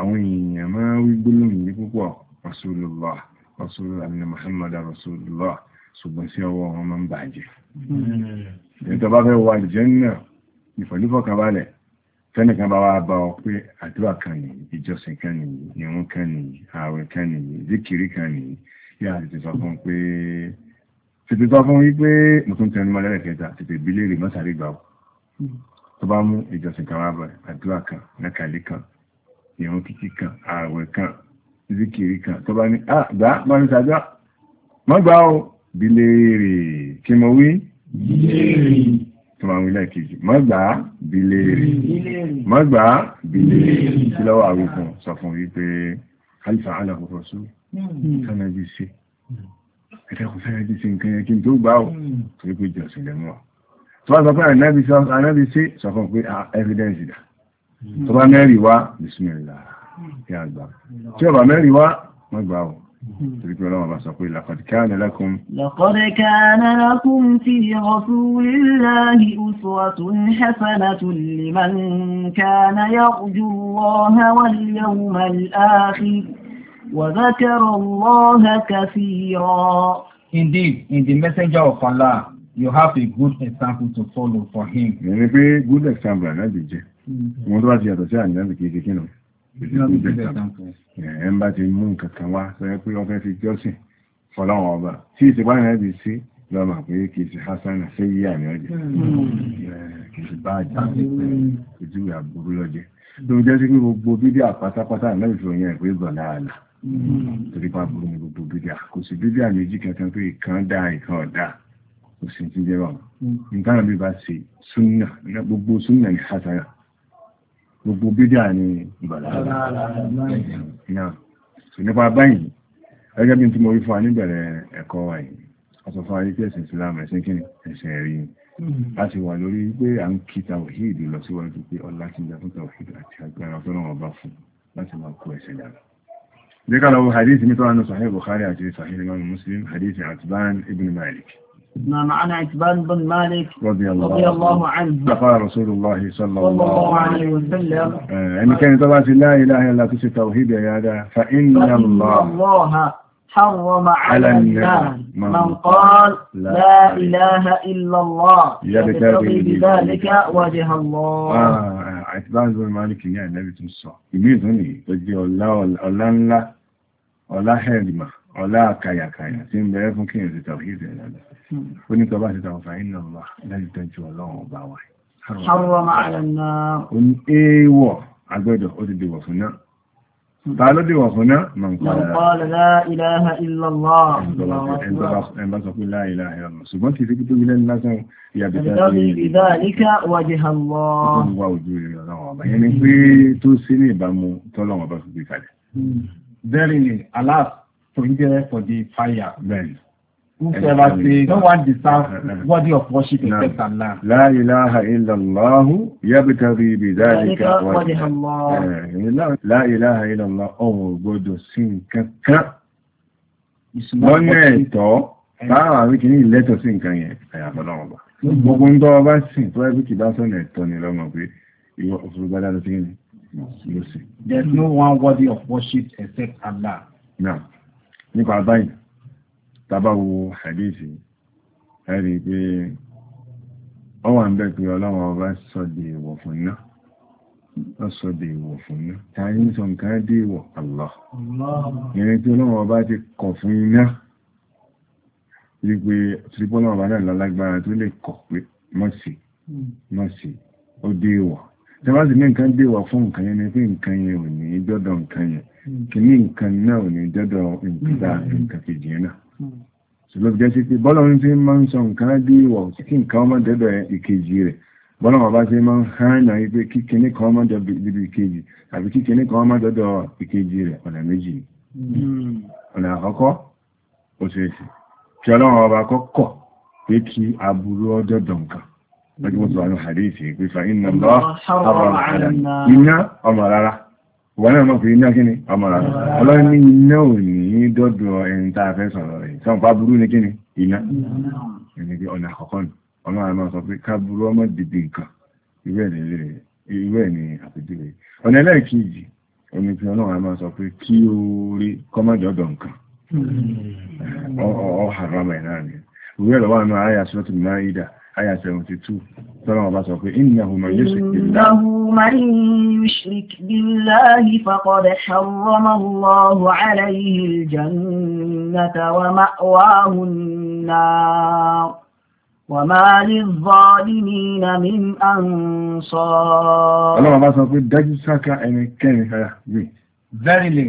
àwọn èèyàn máa wí gbólóhùn yìí púpọ̀ rasulullah rasulullah ni muhammad rasulullah ṣùgbọ́n sí ọwọ́ wọn máa ń bàjẹ́ hmm. nítorí bá fẹ́ wà jẹ́nà ìfọ̀lúfọ̀kànbalẹ̀ tẹ́nìkan bá wá bá ọ pé àdúrà kan nìyí ìjọsìn kan nìyí ìrun kan nìyí ààwẹ̀ kan nìyí zikiri kan nìyí yà á sọ fún pé tètè sọ fún wípé mo tún tẹnu tó bá mú ìjọsìn kan wábà àdúrà kan nàkàlẹ̀ kan ìrun kíkí kan ààwẹ̀ kan zikiri kan tó bá ní àgbà máa ń sàdúrà má gbà ó bílé rè kí mo wí tó máa ń wí lẹ́ẹ̀kejì má gbà bílé rè má gbà bílé rè kí lọ́wọ́ àwọn ìfún sọ fún wípé khalifa alákòókò sọ sanabi ṣe ẹ̀dẹ́kùn fẹ́rẹ́ bí ṣe nǹkan yẹn kí n tó gbà ó hmm. torí pé ìjọsìn lẹ́mú tó bá sọ pé ànábì sọ ànábì sí sọ fún pé ah, evidence dà tó bá mẹ́rin wá bismillah kí a gbà tí ó bá mẹ́rin wá wọ́n gbà ọ́ torí pé ọlọ́wọ́ bá sọ pé laqad kana lakum. laqad kana lakum fi rasulillahi uswatun hasanatun liman kana yarju Allaha wal yawmal akhir wa dhakara Allaha kathira. Indeed, in the messenger of Allah you have a good example to follow for him. Ẹni pé good example ànábì jẹ́. Wọ́n mm-hmm. tó bá ti yàtọ̀ sí ànábì kìí ṣe kí nù. Ẹ ń bá ti mú nǹkan kan wá sọ pé wọ́n fẹ́ fi jọ́sìn fọláwọn ọba. Tí ìsìnkú ànábì sí mm-hmm. lọ́mà mm-hmm. pé kìí ṣe Hassan ṣe yí àmì ọjẹ́. Kìí ṣe báàjá ojú àbúrú lọ́jẹ́. Tó jẹ́ sí pé gbogbo bídí àpátápátá ànábì fi òyìn ẹ̀pẹ́ bọ̀ láàlá. Torí pa burú ni gbogbo bídí àkóso bídí àmì méjì kankan pé ìkan dáa ìkan ọ̀dáa kò sí ti jẹ́ báwọn nǹkan àbí bá ṣe súnà gbogbo súnà ìhásàrà gbogbo bídà ní ìbàlára náà so nípa báyìí gẹ́gẹ́ bí n tí mo rí fún wa níbẹ̀rẹ̀ ẹ̀kọ́ wa yìí a sọ fún wa wípé ẹ̀sìn Islam ẹ̀sìn kí ẹ̀sìn ẹ̀rí a sì wà lórí pé à ń kí tawhid lọ síwájú pé ọlá ti jà fún tawhid àti agbára tó náà bá fún láti máa kó ẹ̀sìn dànù ذكره حديث مثل أنه صحيح البخاري عن صحيح الإمام مسلم حديث عتبان ابن مالك ما معنا عتبان بن مالك رضي الله, رضي الله عنه فقال رسول الله صلى الله عليه وسلم آه، إن كان طبعا لا إله إلا تسي توحيد يا هذا فإن, الله, الله حرم على الناس من قال لا إله إلا الله يبتغي بذلك وجه الله آه، عتبان بن مالك يعني نبي تنصى يميزني تجي الله ولا لا ولا حلمه ọlá kàyàkàyà tí ń bẹ̀rẹ̀ fún kíyàn sí tàwíìdì ìlànà ó ní tọba sí tàwọ̀fà iná ọba láti tẹ́jú ọlọ́run ọba wa èèwọ̀ agbẹ́dọ̀ ó ti dìwọ̀ fún náà hmm. ta ló dìwọ̀ fún náà mọ̀ ń pàdà la ilaha illallah ẹ̀mbá sọ pé la ilaha illallah ṣùgbọ́n ti to prepare for the fire. Then. Whosoever says, no one deserves worthy uh, uh, uh. of worship except Allah. La ilaha illallah yabtaghi bidhalika wajha Allah. Eh, eh, la ilaha illallah ọ̀hún gbọ́dọ̀ sí nǹkan kan. Lọ́nà ẹ̀tọ́, báwọn àwọn kìíní ìlẹ́tọ̀ sí nǹkan yẹn, àyàfọ́ lọ́wọ́ bá. Gbogbo ń tọ́ bá sìn tó ẹbí kì bá sọ̀nà ẹ̀tọ́ ni lọ́mọ pé ìwọ òfurufú bá sí ní. There's no one worthy of worship except Allah. No nípa báyìí tàbáwo hadithi ẹ̀rí pé ọ wà ń bẹ́ pé ọlọ́run ọba sọ́dẹ̀ ìwọ̀ fún náà ọ̀sọ̀dẹ̀ ìwọ̀ fún iná tàbí ń sọ nǹkan dé ìwọ̀ Allah ìrìn tí ọlọ́run ọba ti kọ̀ fún iná wípé trípọ́lọ́run ọba náà lálágbára tó lè kọ̀ pé mọ́sí hmm. mọ́sí ó dé ìwọ̀ tí wọ́n sì ní nǹkan dé wà fún nǹkan yẹn ni pé nǹkan yẹn ò ní dọ́dọ̀ nǹkan yẹn hmm. kì ní nǹkan náà ò ní dọ́dọ̀ nǹkan hmm. nǹkan kejì yẹn náà hmm. ṣùgbọ́n jẹ́ sí pé bọ́lọ́run tí máa ń sọ nǹkan dé wà kí nǹkan ọmọ dọ́dọ̀ ìkejì rẹ̀ bọ́lọ́wọ́ bá ṣe máa ń hánà wípé kíkiní kan máa dọ̀dọ̀ ìkejì àbí kíkiní kan máa dọ̀dọ̀ ìkejì rẹ̀ ọ̀nà méjì ọ̀nà àkọ́kọ́ ó kí ọlọ́run ọba kọ́kọ́ pé kí aburú ọdọ́dọ̀ nǹkan lọ́jọ́ bó ti wà ní hadithi pé fa iná lọ ọ̀rọ̀ àdá iná ọmọ rárá wọ́n náà mọ̀ pé iná kí ni ọmọ rárá ọlọ́rin ní iná ò ní dọ́dọ̀ ẹni tá a fẹ́ sọ̀rọ̀ rẹ̀ sọ̀rọ̀ pa burú ni kí ni iná ẹni pé ọ̀nà àkọ́kọ́ ni ọlọ́run máa sọ pé ká burú ọmọ dìde nǹkan irú ẹ̀ ní àpèjúwe hmm. ìwé ẹ̀rọ wà nínú àyà 72 tọ́lọ́wọ́ bá sọ pé innahu man yushrik billahi faqad harrama Allahu alayhi al-jannata wa ma'wahu an-nar wa ma lil-zalimina min ansar ọlọ́wọ́ bá sọ pé dájú sáká ẹnikẹ́ni fẹ́ra gbé verily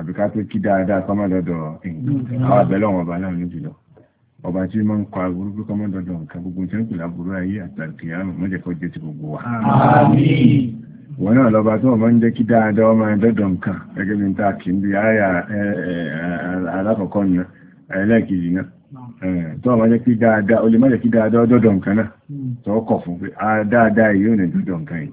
tàbí ká tó kí dáadáa kọ́mọ́ dọ́dọ̀ nǹkan mm-hmm. àwọn abẹ́lẹ̀ ọ̀wọ̀n ọba ní jùlọ ọba tí máa ń kọ aburú pé nǹkan gbogbo tí ń pè ayé àtàkìyàmù mọ́jẹ́ kọ́ jẹ́ ti gbogbo wa. wọn náà lọ́ba máa ń jẹ́ kí dáadáa ọmọ dọ́dọ̀ nǹkan gẹ́gẹ́ bí n ta kì í àyà alákọ̀ọ́kọ́ ẹlẹ́ẹ̀kejì náà mm. máa jẹ́ kí dáadáa jẹ́ kí dáadáa nǹkan náà mm. kọ̀ fún pé ah, dáadáa yìí ò ní dọ́dọ̀ nǹkan yìí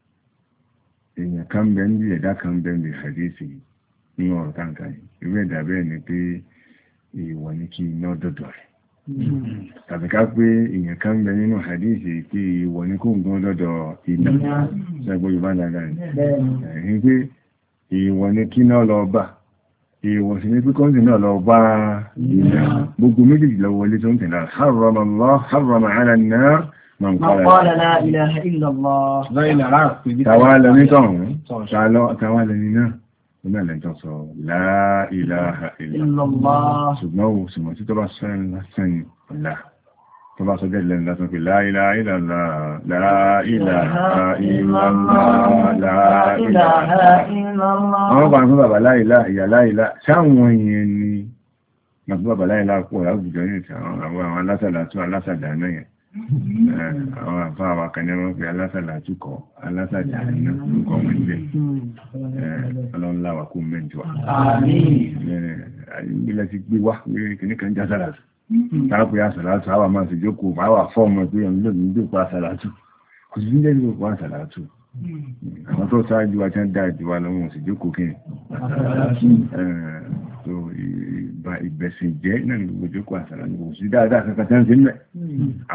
èèyàn kan bẹ ń bí ẹ̀dá kan bẹ ń bí hadithi nínú ọ̀rọ̀ táǹkà yìí irú ẹ̀dá bẹ́ẹ̀ ni pé èèwọ̀ ní kí iná dọ̀dọ̀ rẹ̀ tàbí ká pé èèyàn kan bẹ nínú hadithi pé èèwọ̀ ní kó ń gún dọ̀dọ̀ iná ṣẹ́gbó yorùbá dáadáa ni ẹ̀yìn pé èèwọ̀ ní kí iná lọ bá èèwọ̀ sí ní pé kọ́ńtì náà lọ bá iná gbogbo méjèèjì lọ wọlé tó ń tẹ̀lé harrama Allah harrama ala an-nar من قال لا إله إلا الله لا إله عارف تعالى نتعلم تعالى تعالى نتعلم náà lẹ́jọ́ sọ la ilaha illallah ṣùgbọ́n o sì mọ̀ sí tó bá sẹ́yìn lásẹ̀yìn ọ̀la tó bá sọ́jẹ́ ìlẹ́nu lásán pé la ilaha illallah la ilaha illallah la ilaha illallah àwọn bá ń fún bàbá la ilaha ìyá la ilaha sáwọn yẹn ni bàbá bàbá la ilaha pọ̀ láwùjọ yìí àwọn alásàdà tó alásàdà náà yẹn Eh, àwọn àfá àwọn akẹnirọ́ pé alásàlá àtúkọ̀ alásàjà iná lókọ̀ wọn ilẹ̀ eh, ọlọ́nláwà kó mẹ́jọ ilẹ̀ eh, ti gbé wá kìníkan jásàlá tàbí àsàlá àtú àwọn máa sì jókòó àwọn àfọ́ ọmọ ìpínlẹ̀ ìlú ìdókòó àsàlá àtú kò sí ní jẹ́ ìdókòó àsàlá àtú àwọn tó sáájú wa tí wọ́n dá ìjọba lọ́wọ́ sí jókòó kí ìbẹ̀sìn jẹ́ náà ní gbogbo jókòó àsàrà ní gbogbo sí dáadáa kankan tí wọ́n ti ń mẹ́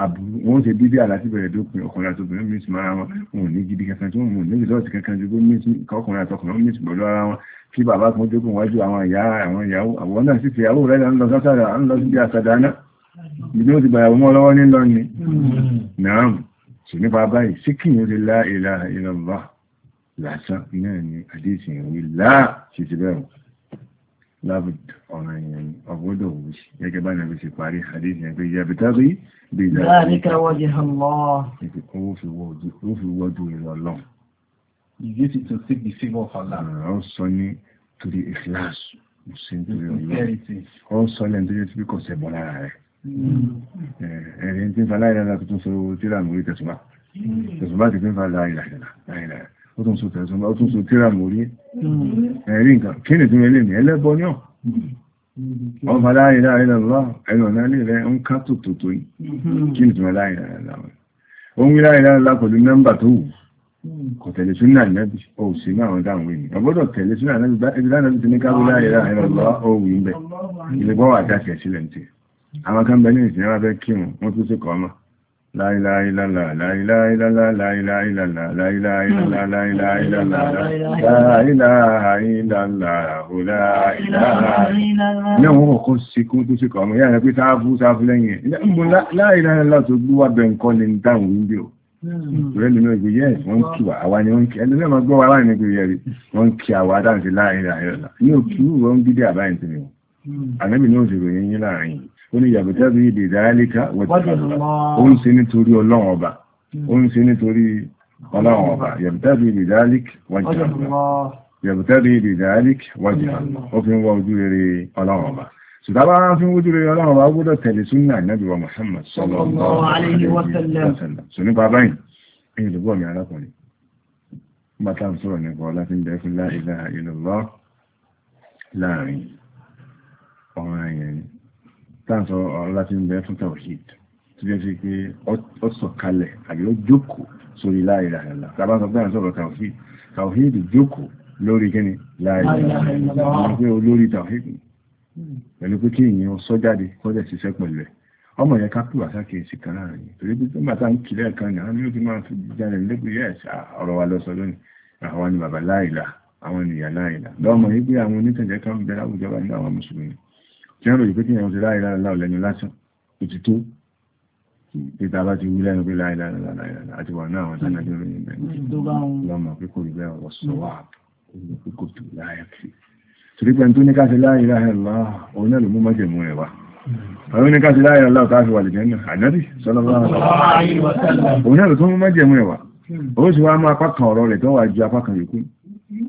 àbúrú wọ́n ṣe bíbí àláti bẹ̀rẹ̀ dópin ọkùnrin àti obìnrin mìíràn mára wọn wọn ò ní gidi kankan tí wọ́n mú ní rìsọ́ọ̀tì kankan ju kọkùnrin àti ọkùnrin mìíràn pẹ̀lú ara wọn kí bàbá kan jókòó wájú àwọn ìyá àwọn ìyàwó àwọn náà sì fi ìyàwó rẹ̀ lọ sátàrà ń lọ sí bí àsàdánà ìdí ó ti bàyàwó mọ́ lọ́wọ́ ní lọ́ni náà sì nípa báyìí sí kí ní rí la ilaha illallah lásán náà ni àdéhìsì ìwé láà sí ti bẹ̀rù lábùd ọ̀nà ìyẹn ọgbọ́dọ̀ wù sí gẹ́gẹ́ bá nàbí sí parí àdéhìsì ẹgbẹ́ ìyá bìtábí bí ìdáríkà wọ́jẹ̀ Allah ó fi wọ́jú ìlọ ẹ̀yìn eh, eh, tí ń fa láìláìlá tó tún so tíra mórí tẹ̀sùbá tẹ̀sùbá ti fi ń fa láìláìlá ó tún so tẹ̀sùbá ó tún so tíra mórí ẹ̀rí mm. eh, nǹkan kí ni tún ẹlẹ́mì ẹlẹ́bọ ní ọ̀ wọ́n fa láìláìlá lọ́ ẹnu ọ̀nà ilé rẹ̀ ń ká tòtòtò yìí mm-hmm. kí ni tún láìláìlá ó ń wí láìláìlá pẹ̀lú nọ́mbà tó wù mm. kò tẹ̀lé súnà nẹ́bí ó sì ní àwọn dáhùn wíni ọgbọ́dọ̀ tẹ̀lé súnà nẹ́bí bá ẹgbẹ́ nẹ́bí ti ní káwé láìláìlá ọ̀wù ń bẹ̀ ilé gbọ́wọ́ àdáṣẹ̀ sílẹ̀ ń tẹ̀ àwọn kan bẹ ní ìsìn ara fẹ́ kírun wọ́n tún sí kọ́mọ̀ láìláìlàlà láìláìlàlà láìláìlàlà láìláìlàlà láìláìlàlà láìláìlàlà láìláìlàlà náà wọ́n kọ́ sí kún tó sí kọ́mọ̀ yára pé sáfú sáfú lẹ́yìn láìláìlàlà tó gbó wà bẹ̀ nǹkan lè ń dáhùn ń bí o ìrẹ́ lè mẹ́rin gbìyẹ́ wọ́n kí wà àwa ni wọ́n kí ẹni lẹ́mọ̀ gbọ́ wa láìní gbìyẹ́ rí wọ́n kí àwa dáhùn sí láìláìlàlà ní òkú wọ́n gídé àbáyìntì ni ànábì ní òṣèrò yẹn yín láàrin yìí ó ní yàbẹ̀tẹ́ bí èdè ìdáyálíkà ó ń ṣe nítorí ọlọ́run ọba hmm. ó ń ṣe nítorí ọlọ́run ọba yàbẹ̀tẹ́ bí èdè ìdáyálíkà wájú yàbẹ̀tẹ́ bí èdè ìdáyálíkà wájú ó fi ń wá ojú rere ọlọ́run ọba ṣùgbọ́n bá fi ń wójú rere ọlọ́run ọba gbọ́dọ̀ tẹ̀lé súnà ìnábì wa Muhammad sallallahu alaihi wa sallam sọ nípa báyìí èyí láàrin ọ̀rọ̀ ẹ̀yẹn táàsọ ọ̀rọ̀ láti ń bẹ fún tawhid tó jẹ́ sí pé ó sọ̀kalẹ̀ àbí ó jókòó sórí la ilaha illallah tàbá sọ pé à ń sọ̀rọ̀ tawhid tawhid jókòó lórí kíni la ilaha illallah pé olórí tawhid pẹ̀lú pé kí èèyàn sọ jáde kọ́jà ṣiṣẹ́ pẹ̀lú ẹ̀ ọmọ yẹn ká pè wá sákèésì kan láàrin torí pé tó máa tá ń kílẹ̀ kan ní àwọn ní ó ti máa fi jáde lẹ́gbẹ̀ẹ́ yẹ́ ẹ̀sà ọ̀rọ̀ wa lọ́sọ lónìí àwọn ni bàbá láìlà àwọn ènìyàn láìlà lọ́mọ yìí pé àwọn onítẹ̀jẹ́ kan bẹ̀rẹ̀ àwùjọ wa ní àwọn mùsùlùmí tí wọ́n rò pé kí èèyàn ti láì lára láò lẹ́nu lásán ó ti tó ìta bá ti wí lẹ́nu pé láì lára lára àti wà náà àwọn sáná jẹ́ ròyìn bẹ́ẹ̀ lọ́mọ pé kò rí bẹ́ẹ̀ ọ̀rọ̀ sọ wà pé kò tó láyà sí torí pé tó ní ká ti láì lára láà òun náà ló mú májèmú rẹ̀ wá àwọn ní ti láì lára káàfi wà lìjẹ́ náà ànábì sallallahu alaihi wasallam òun náà ló tún mú májèmú rẹ̀ wá hmm. ó sì wá mú apá kan ọ̀rọ̀ rẹ̀ tó wà ju apá kan yòókù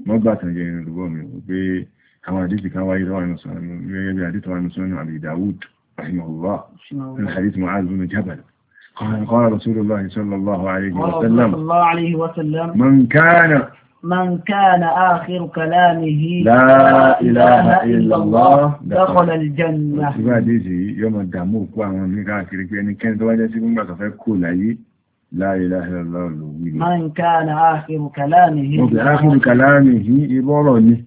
wọ́n gbà tàn jẹ́ ìrìn كما حديث كما يروى عن حديث عن سنن عن داود رحمه الله من حديث معاذ بن جبل قال قال رسول الله صلى الله عليه وسلم صلى الله عليه وسلم من كان من كان آخر كلامه لا إله إلا الله دخل الجنة وهذه يوم الدمو قام من آخر كان كان دواجه سيكون بقى فيقول أي لا إله إلا الله من كان آخر كلامه آخر كلامه إبروني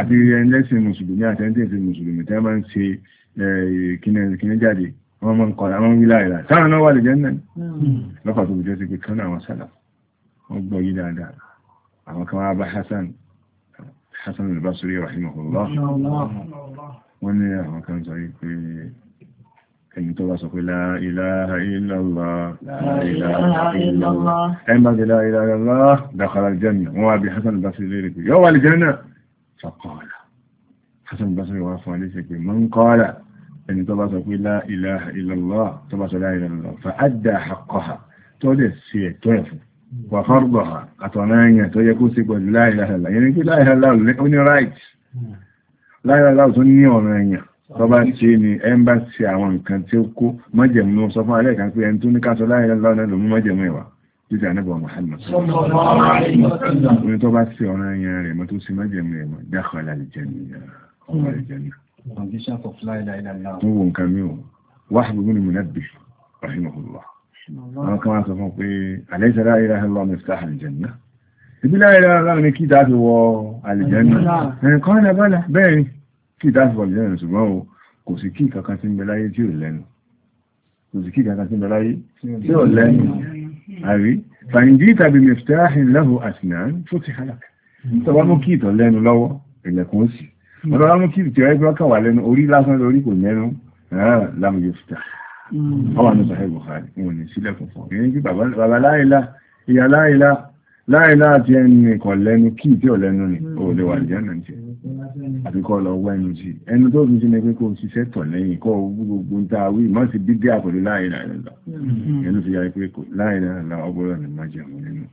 àti ẹlẹ́sìn mùsùlùmí àti ẹlẹ́sìn mùsùlùmí tí wọ́n máa ń ṣe kíní jáde wọ́n máa ń kọ́ àwọn wílà ìlà táwọn náà wà lè jẹ́ náà lọ́fà tó jẹ́ sí pé kán àwọn sálà wọ́n gbọ́ yí dáadáa àwọn kan wá bá Hasan Hasan al-Basri rahimahullah wọ́n ní àwọn kan sọ pé ẹni tó bá sọ pé la ilaha illallah la ilaha illallah ẹni bá ti la ilaha illallah dakhala al-jannah wọ́n wá bí Hasan al-Basri lè rí pé yọ́ wà lè jẹ́ náà فقال حسن بصري وعفو عليه من قال أن تبصق لا إله إلا الله تبصق لا إله إلا الله فأدى حقها تدسي تعفو وفرضها أطنانيا تيكون سيكون لا إله إلا الله يعني لا إله إلا الله لكوني رايت لا إله إلا الله تنيا ونانيا tọba ṣe ni ẹmbà ṣe àwọn nǹkan tí ó kó mọ́jẹ̀mú sọ fún alẹ́ kan pé ẹni tó ní ká sọ láìlẹ́lọ́nà lòmú mọ́jẹ̀mú ìwà títí ànábọ̀ Muhammad ní tó bá sí ọ̀rọ̀ ẹ̀yàn rẹ̀ mọ́ tó sí májẹ̀mú rẹ̀ mọ́ dákọ̀ alàlìjẹ̀nà ọmọ alìjẹ̀nà tó wọ nǹkan mi ò Wahb ibn Munabbih rahimahullah àwọn kan wá sọ fún pé alaysa la ilaha illallah miftah aljanna ibi la ilaha illallah ni kí dáàfi wọ alìjẹ̀nà ẹ̀kọ́ ní abala bẹ́ẹ̀ ni kí dáàfi wọ alìjẹ̀nà ṣùgbọ́n o kò sí kí kankan tí ń bẹ tí ò lẹ́nu àrí fàyìndí tàbí mẹ́fìtàáhìn lẹ́hù àsìnà hmm. tó ti hálàkà tọwọ́ mú kí ìtọ̀ lẹ́nu lọ́wọ́ ilẹ̀kùn ó sì ọlọ́wọ́ hmm. mú kí ìtọ̀ ẹgbẹ́ kàwà lẹ́nu orí lásán lórí kò lẹ́nu lámù yẹ́fìtà ọwọ́ ní sahẹ́ buhari wọn ní sílẹ̀kùn fún ẹni kí bàbá láìlá ìyá láìlá láìlá àti ẹni kọ̀ lẹ́nu kí ìtẹ́ ò lẹ́nu ni ó hmm. lè wà jẹ́ náà jẹ́ àti kọ́ lọ Mm-hmm. ẹnu ti ya pé láìláìlá ọgbọ́rọ̀ ní májẹ̀ àwọn nínú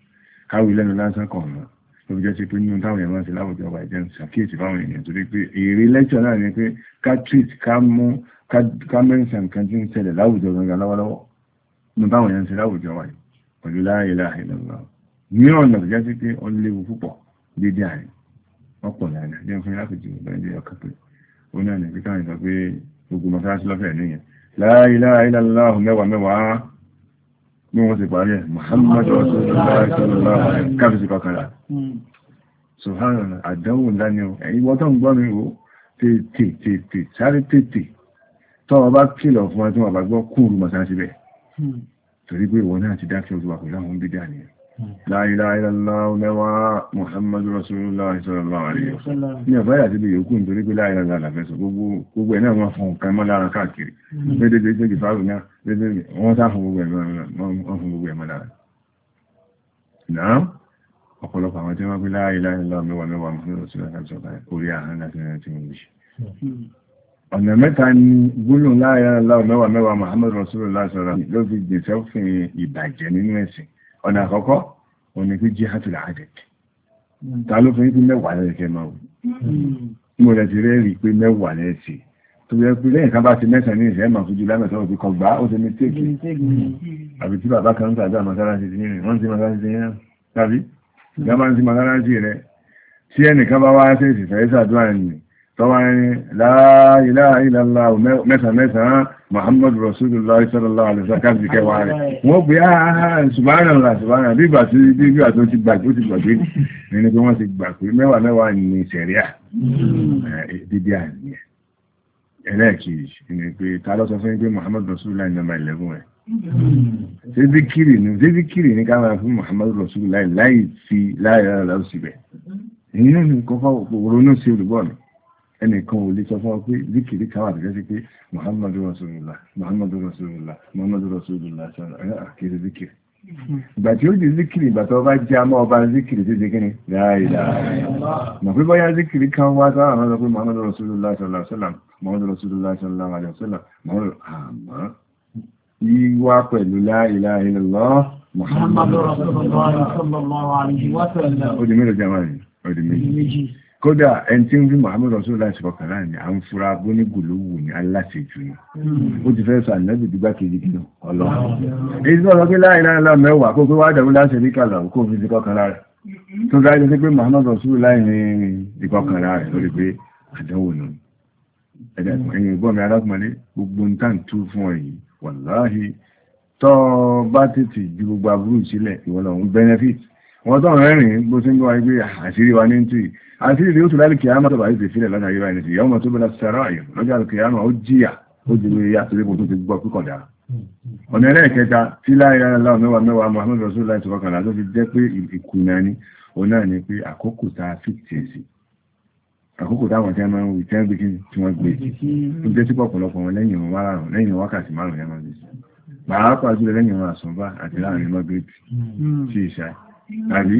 káwí lẹ́nu lásán kan náà tó fi jẹ́ sí pé nínú táwọn èèyàn ti láwùjọ wà jẹ́ ṣàkíyèsí fáwọn èèyàn torí pé èrè lẹ́kṣọ̀ náà ni pé ká treat ká mú ká mẹ́rìnsà nǹkan tí ń ṣẹlẹ̀ láwùjọ gangan lọ́wọ́lọ́wọ́ nínú táwọn èèyàn ti láwùjọ wà pẹ̀lú láìláìlá ní ọ̀nà tó jẹ́ sí pé ó léwu púpọ̀ dédé àárín ọ̀pọ̀ lànà jẹun fún yàtọ̀ jù lọ́jọ́ ọkàn pé ó náà ní pé káwọn ìsọ pé gbogbo mọ́sáàsì lọ́fẹ̀ẹ́ nìyẹn la ilaha illallah mẹ́wàá mẹ́wàá ní wọ́n ti parí ẹ̀ Muhammadu Rasulullah sallallahu alaihi káfíìsì kọkànlá Subhanallah àdánwò ńlá ni ó ẹ̀yìn wọ́n tó ń gbọ́ mi ó tètè tètè sáré tètè tọ́ ọ bá kìlọ̀ fún wa tí wọ́n bá gbọ́ kúrú mọ̀sánsíbẹ̀ hmm. torí pé ìwọ náà ti dákẹ́ òtùwà pẹ̀lú La ilaha illallah lẹ́wà Muhammadu Rasulullah sallallahu alaihi wasallam. Ní ọ̀báyà ti bí yòókù nítorí pé la ilaha illallah làfẹ́sọ̀ gbogbo ẹ̀ náà wọ́n fún ọ̀kan mọ́ lára káàkiri. Lédèdè jẹ́ gìfàrù náà, lédèdè wọ́n sá fún gbogbo ẹ̀mọ́ lára. Náà, ọ̀pọ̀lọpọ̀ àwọn tí wọ́n pé la ilaha illallah mẹ́wàá mẹ́wàá Muhammadu Rasulullah mm. ọ̀nà mẹ́ta ni gbólóhùn la ilaha illallah mẹ́wàá mẹ́wàá Muhammadu Rasulullah sallallahu alaihi wasallam ló fi gbèsè òfin ìbàjẹ́ nínú ẹ̀sìn ọ̀nà àkọ́kọ́ òní pé jí hàtùlà àdẹ̀kì ta ló fẹ́ pé mẹ́wàá lẹ́ẹ̀kẹ́ máa wù mo rẹ̀ ti rẹ́ rí pé mẹ́wàá lẹ́ẹ̀sì tó yẹ pé lẹ́yìn kan bá ti mẹ́sàn ní ìṣẹ́ máa fojú lánàá sọ́wọ́ fi kọ gbá ó ti ní téèkì àbí tí bàbá kan ń tàbí àmọ́sálásí ti rìn wọ́n ti mọ́sálásí ti rìn tàbí ìjọba ń ti mọ́sálásí rẹ̀ tí ẹnìkan bá wá ṣèṣì fẹ́ sàdúrà nìyẹn tọ́wárin láàrílá ìlàlá mẹ́sàn-mẹ́sàn Muhammadu Rasulullah sallallahu alaihi wasallam ti kẹwàá rẹ̀ wọ́n pè áhà ah, ah, ah, subhanallah subhanallah bí ìgbà tí bí ìgbà tó ti gbà tó ti gbà pé nínú pé wọ́n ti gbà pé mẹ́wàá mẹ́wàá ní sẹ̀ríà dídí àníyẹ ẹlẹ́ẹ̀kejì ni pé ta ló sọ fún pé Muhammadu Rasulullah nọ́mbà 11 ẹ̀ zizikiri ni zizikiri ni ká máa fún Muhammadu Rasulullah láì fi láì rárá lọ síbẹ̀ ẹnìkan ò lè sọ fún ọ pé zikiri kan wà tẹ́lẹ̀ sí pé muhammadu rasulullah muhammadu rasulullah muhammadu rasulullah kiri zikiri ìgbà tí ó di zikiri ìgbà tó bá jẹ́ àmọ́ ọba zikiri tí zikiri láìlá mọ̀ pé bọ́yá zikiri kan wá sára àwọn ọmọdé muhammadu rasulullah sallallahu alaihi wasallam muhammadu rasulullah sallallahu alaihi wasallam muhammadu àmọ́ yíwá pẹ̀lú láìlá illallah muhammadu rasulullah sallallahu alaihi wasallam kódà ẹni tí ń rí muhammed rasul láti ọkàn náà ni à ń fura gbónígbòlówù ní aláṣejù ni ó ti fẹ́ sọ ànábì dúgbà kejì kí lọ ọlọ èyí tí wọ́n sọ pé láì láì láì mẹ́wàá kó pé wá dàbí láti rí kàlà kó fi ti kọkàn rárẹ̀ tó dájú sí pé muhammed rasul láì ní ìkọkàn rárẹ̀ lórí pé àdánwò nù ẹ̀dá ẹ̀yìn ìbọn mi alákùnrin gbogbo ń tàn tú fún ọ yìí wàláhì tọ́ bá tètè ju gbogbo àbúrò sílẹ̀ ìwọ̀n lọ́hún benefit wọ́n tọ̀ rẹ́rìn-ín bó ti ń gbọ́ wáyé pé àṣírí wa ní ń tù yìí àti ìdí oṣù láìlì kìyàmà tó bá yìí fèsílẹ̀ lọ́nà ayé báyìí nìtì yọ́mọ̀ tó bẹ̀rẹ̀ sẹ́rọ̀ ayò lọ́jọ́ àti kìyàmà ó jìyà ó jù lórí yá torí kò tó ti gbọ́ pípọ̀ dá. ọ̀nà ẹlẹ́ẹ̀kẹta tí láyé aláwọ̀ mẹ́wàá mẹ́wàá Muhammad rasul láì tọkọ kàlá tó fi jẹ́ pé ìkùnà ni òun náà ni pé àkókò tá a fi tẹ̀ sí àkókò táwọn tí a máa ń wí tí wọ́n gbé kí tí wọ́n gbé tó jẹ́ sí pọ̀pọ̀lọpọ̀ wọn lẹ́yìn wọn márùn lẹ́yìn wákàtí márùn yẹn máa ń bèsì pàápàá jùlọ lẹ́yìn wọn àsùnbà àti láàrin mọ́gbẹ́bì sí ìṣáì àbí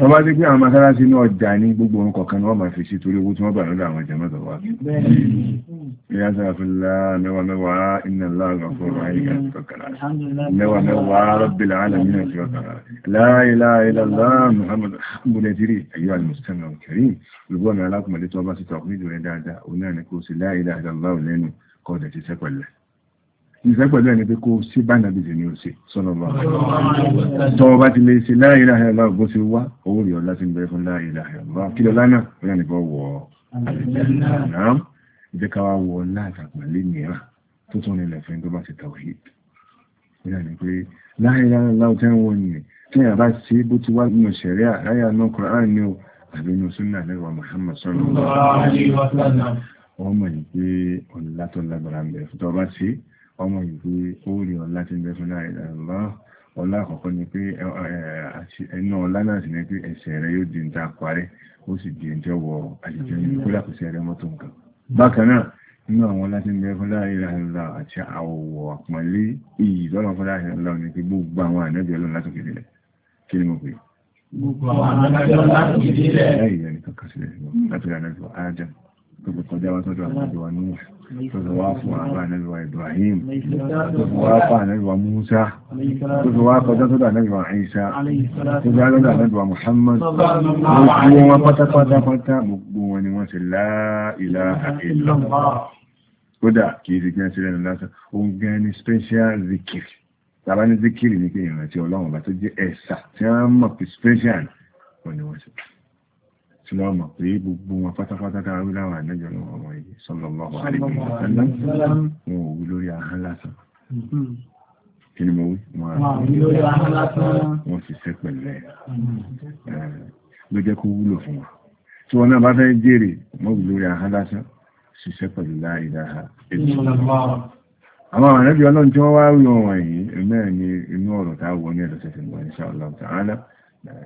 wọ́n bá ti pé àwọn masáráṣí ní ọjà ní gbogbo orun kọ̀ọ̀kan wọ́n máa fi sí torí owó tí wọ́n bà lọ́dọ̀ àwọn jẹ́ mọ́tọ̀ wá ìyá sáfìlá mẹ́wàá mẹ́wàá iná láàrín fọ́rọ̀ àyíká kọ̀kàrà mẹ́wàá mẹ́wàá rọ́bìlà alàmìnà tí ọ̀kàrà láìláìlàlá muhammadu bùdẹ̀tìrì ayọ́ alìmùsùtàn àwòkẹ̀rí olùgbọ́n mi alákùnmọ̀lẹ́tọ́ bá sí tọ̀kùnrin jù rẹ̀ dáadáa onáà ní kó sí láìláìlàlá lẹ́nu kọ́ ìfẹ́ pẹ̀lú ẹni pé kó sí bánàbìsì ni ó sí sọ́lọ́lọ́ tọ́wọ́ bá ti lè ṣe la ilaha illallah bó ti wá owó rí ọlá ti ń bẹ̀rẹ̀ fún la ilaha illallah kí lọ lánà rẹ̀ nìkan wọ̀ ọ́ ìjẹ́káwá wọ látàpẹ̀lẹ́ mìíràn tó tún nílẹ̀ fún tó bá ti tawhid ìyá ni pé la ilaha illallah tẹ́ ń wọ yìí tí a bá ṣe bó ti wá nínú ṣẹ̀ríà láyà náà Qur'an ni ó àbí nínú súnà lẹ́wà Muhammad sallallahu ọmọ yìí ọ̀nà látọ̀ lágbára ń bẹ̀ fún tó bá ṣe ọmọ ìgbé orí ọlá tí ń bẹ fún láàrín àlọ́ ọlá àkọ́kọ́ ni pé ẹnu ọlá náà sì ní pé ẹsẹ̀ rẹ yóò di nta parẹ́ ó sì di ẹjọ́ wọ àjẹjọ́ ní kó lákòóṣẹ́ rẹ mọ́tò nǹkan bákan náà nínú àwọn ọlá tí ń bẹ fún láàrín àlọ́ àti àwọ̀ àpọ̀nlé iyì lọ́nà fún láàrín àlọ́ ni pé gbogbo àwọn ànábì ọlọ́run látòkè nílẹ̀ kí ni mo pè gbogbo àwọn ànábì ọlọ́run látòkè nílẹ̀ tó kọjá wá sọ́dọ̀ àwọn àjọwà ní tó fi wá fún àbá ànẹ́bíwá Ibrahim tó fi wá fún ànẹ́bíwá Musa tó fi wá kọjá sọ́dọ̀ ànẹ́bíwá Isa tó fi wá lọ́dọ̀ ànẹ́bíwá Muhammad gbogbo wọn pátápátápátá gbogbo wọn ni wọ́n ṣe la ilaha illallah kódà kì í sì gẹ́ sílẹ̀ nù lásán òun gẹ́ ni special zikir tàbá ní zikir ní pé ìrántí Ọlọ́run bá tó jẹ́ ẹ̀sà tí wọ́n mọ̀ special tí wọ́n mọ̀ pé gbogbo wọn pátápátá dára wí láwọn àlẹ́jọ́ náà wọ́n yìí sallallahu alaihi wasallam wọn ò wí lórí ahọ́n lásán mm-hmm. kí ni mo wí wọn wí lórí ahọ́n lásán wọ́n sì ṣe pẹ̀lẹ́ mm-hmm. ló jẹ́ kó wúlò fún wa tí wọn náà bá fẹ́ jèrè mọ́ wí lórí ahọ́n lásán ṣiṣẹ́ pẹ̀lú láìdáha ètò mm-hmm. àwọn àrẹ́bí ọlọ́run tí wọ́n wá rí wọn wọ̀nyí náà ni inú ọ̀rọ̀ táwọn ní ẹ̀lọ́sẹ̀sẹ̀ mọ̀ insha Allah ta'ala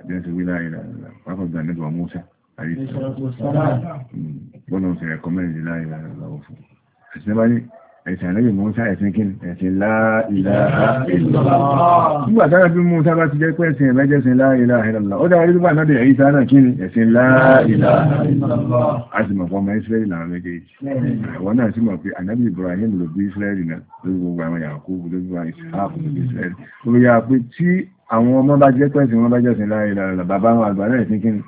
bí wọ́n ti wí láìdáha pápá gbà nígbà Mùsá Bọ́nà ọ̀sẹ̀ ẹ̀kọ́ mẹ́rin láìláà lọ́wọ́ fún. Àṣìṣẹ́ bá ní ẹ̀sìn ànábì Mùsá ẹ̀sìn kí ni ẹ̀sìn láìláà ìlàlá. Nígbà tára bí Mùsá bá ti jẹ́ pé ẹ̀sìn ẹ̀mẹ́jẹ̀sìn láìláà ìlàlá. Ó dára nígbà náà dẹ̀ ẹ̀yí sáà náà kí ni ẹ̀sìn láìláà ìlàlá. A sì mọ̀ fọmọ Ísírẹ́lì náà méjèèjì. Àwọn náà sì mọ̀ pé ànábì Ibrahim ló bí Ísírẹ́lì náà lórí gbogbo àwọn Yakubu lórí gbogbo Ìsáàkù lórí Ísírẹ́lì. Ó yà pé tí àwọn ọmọ bá jẹ́ pẹ́sìn wọn bá jẹ́sìn láìláà bàbá wọn àgbà náà ẹ̀sìn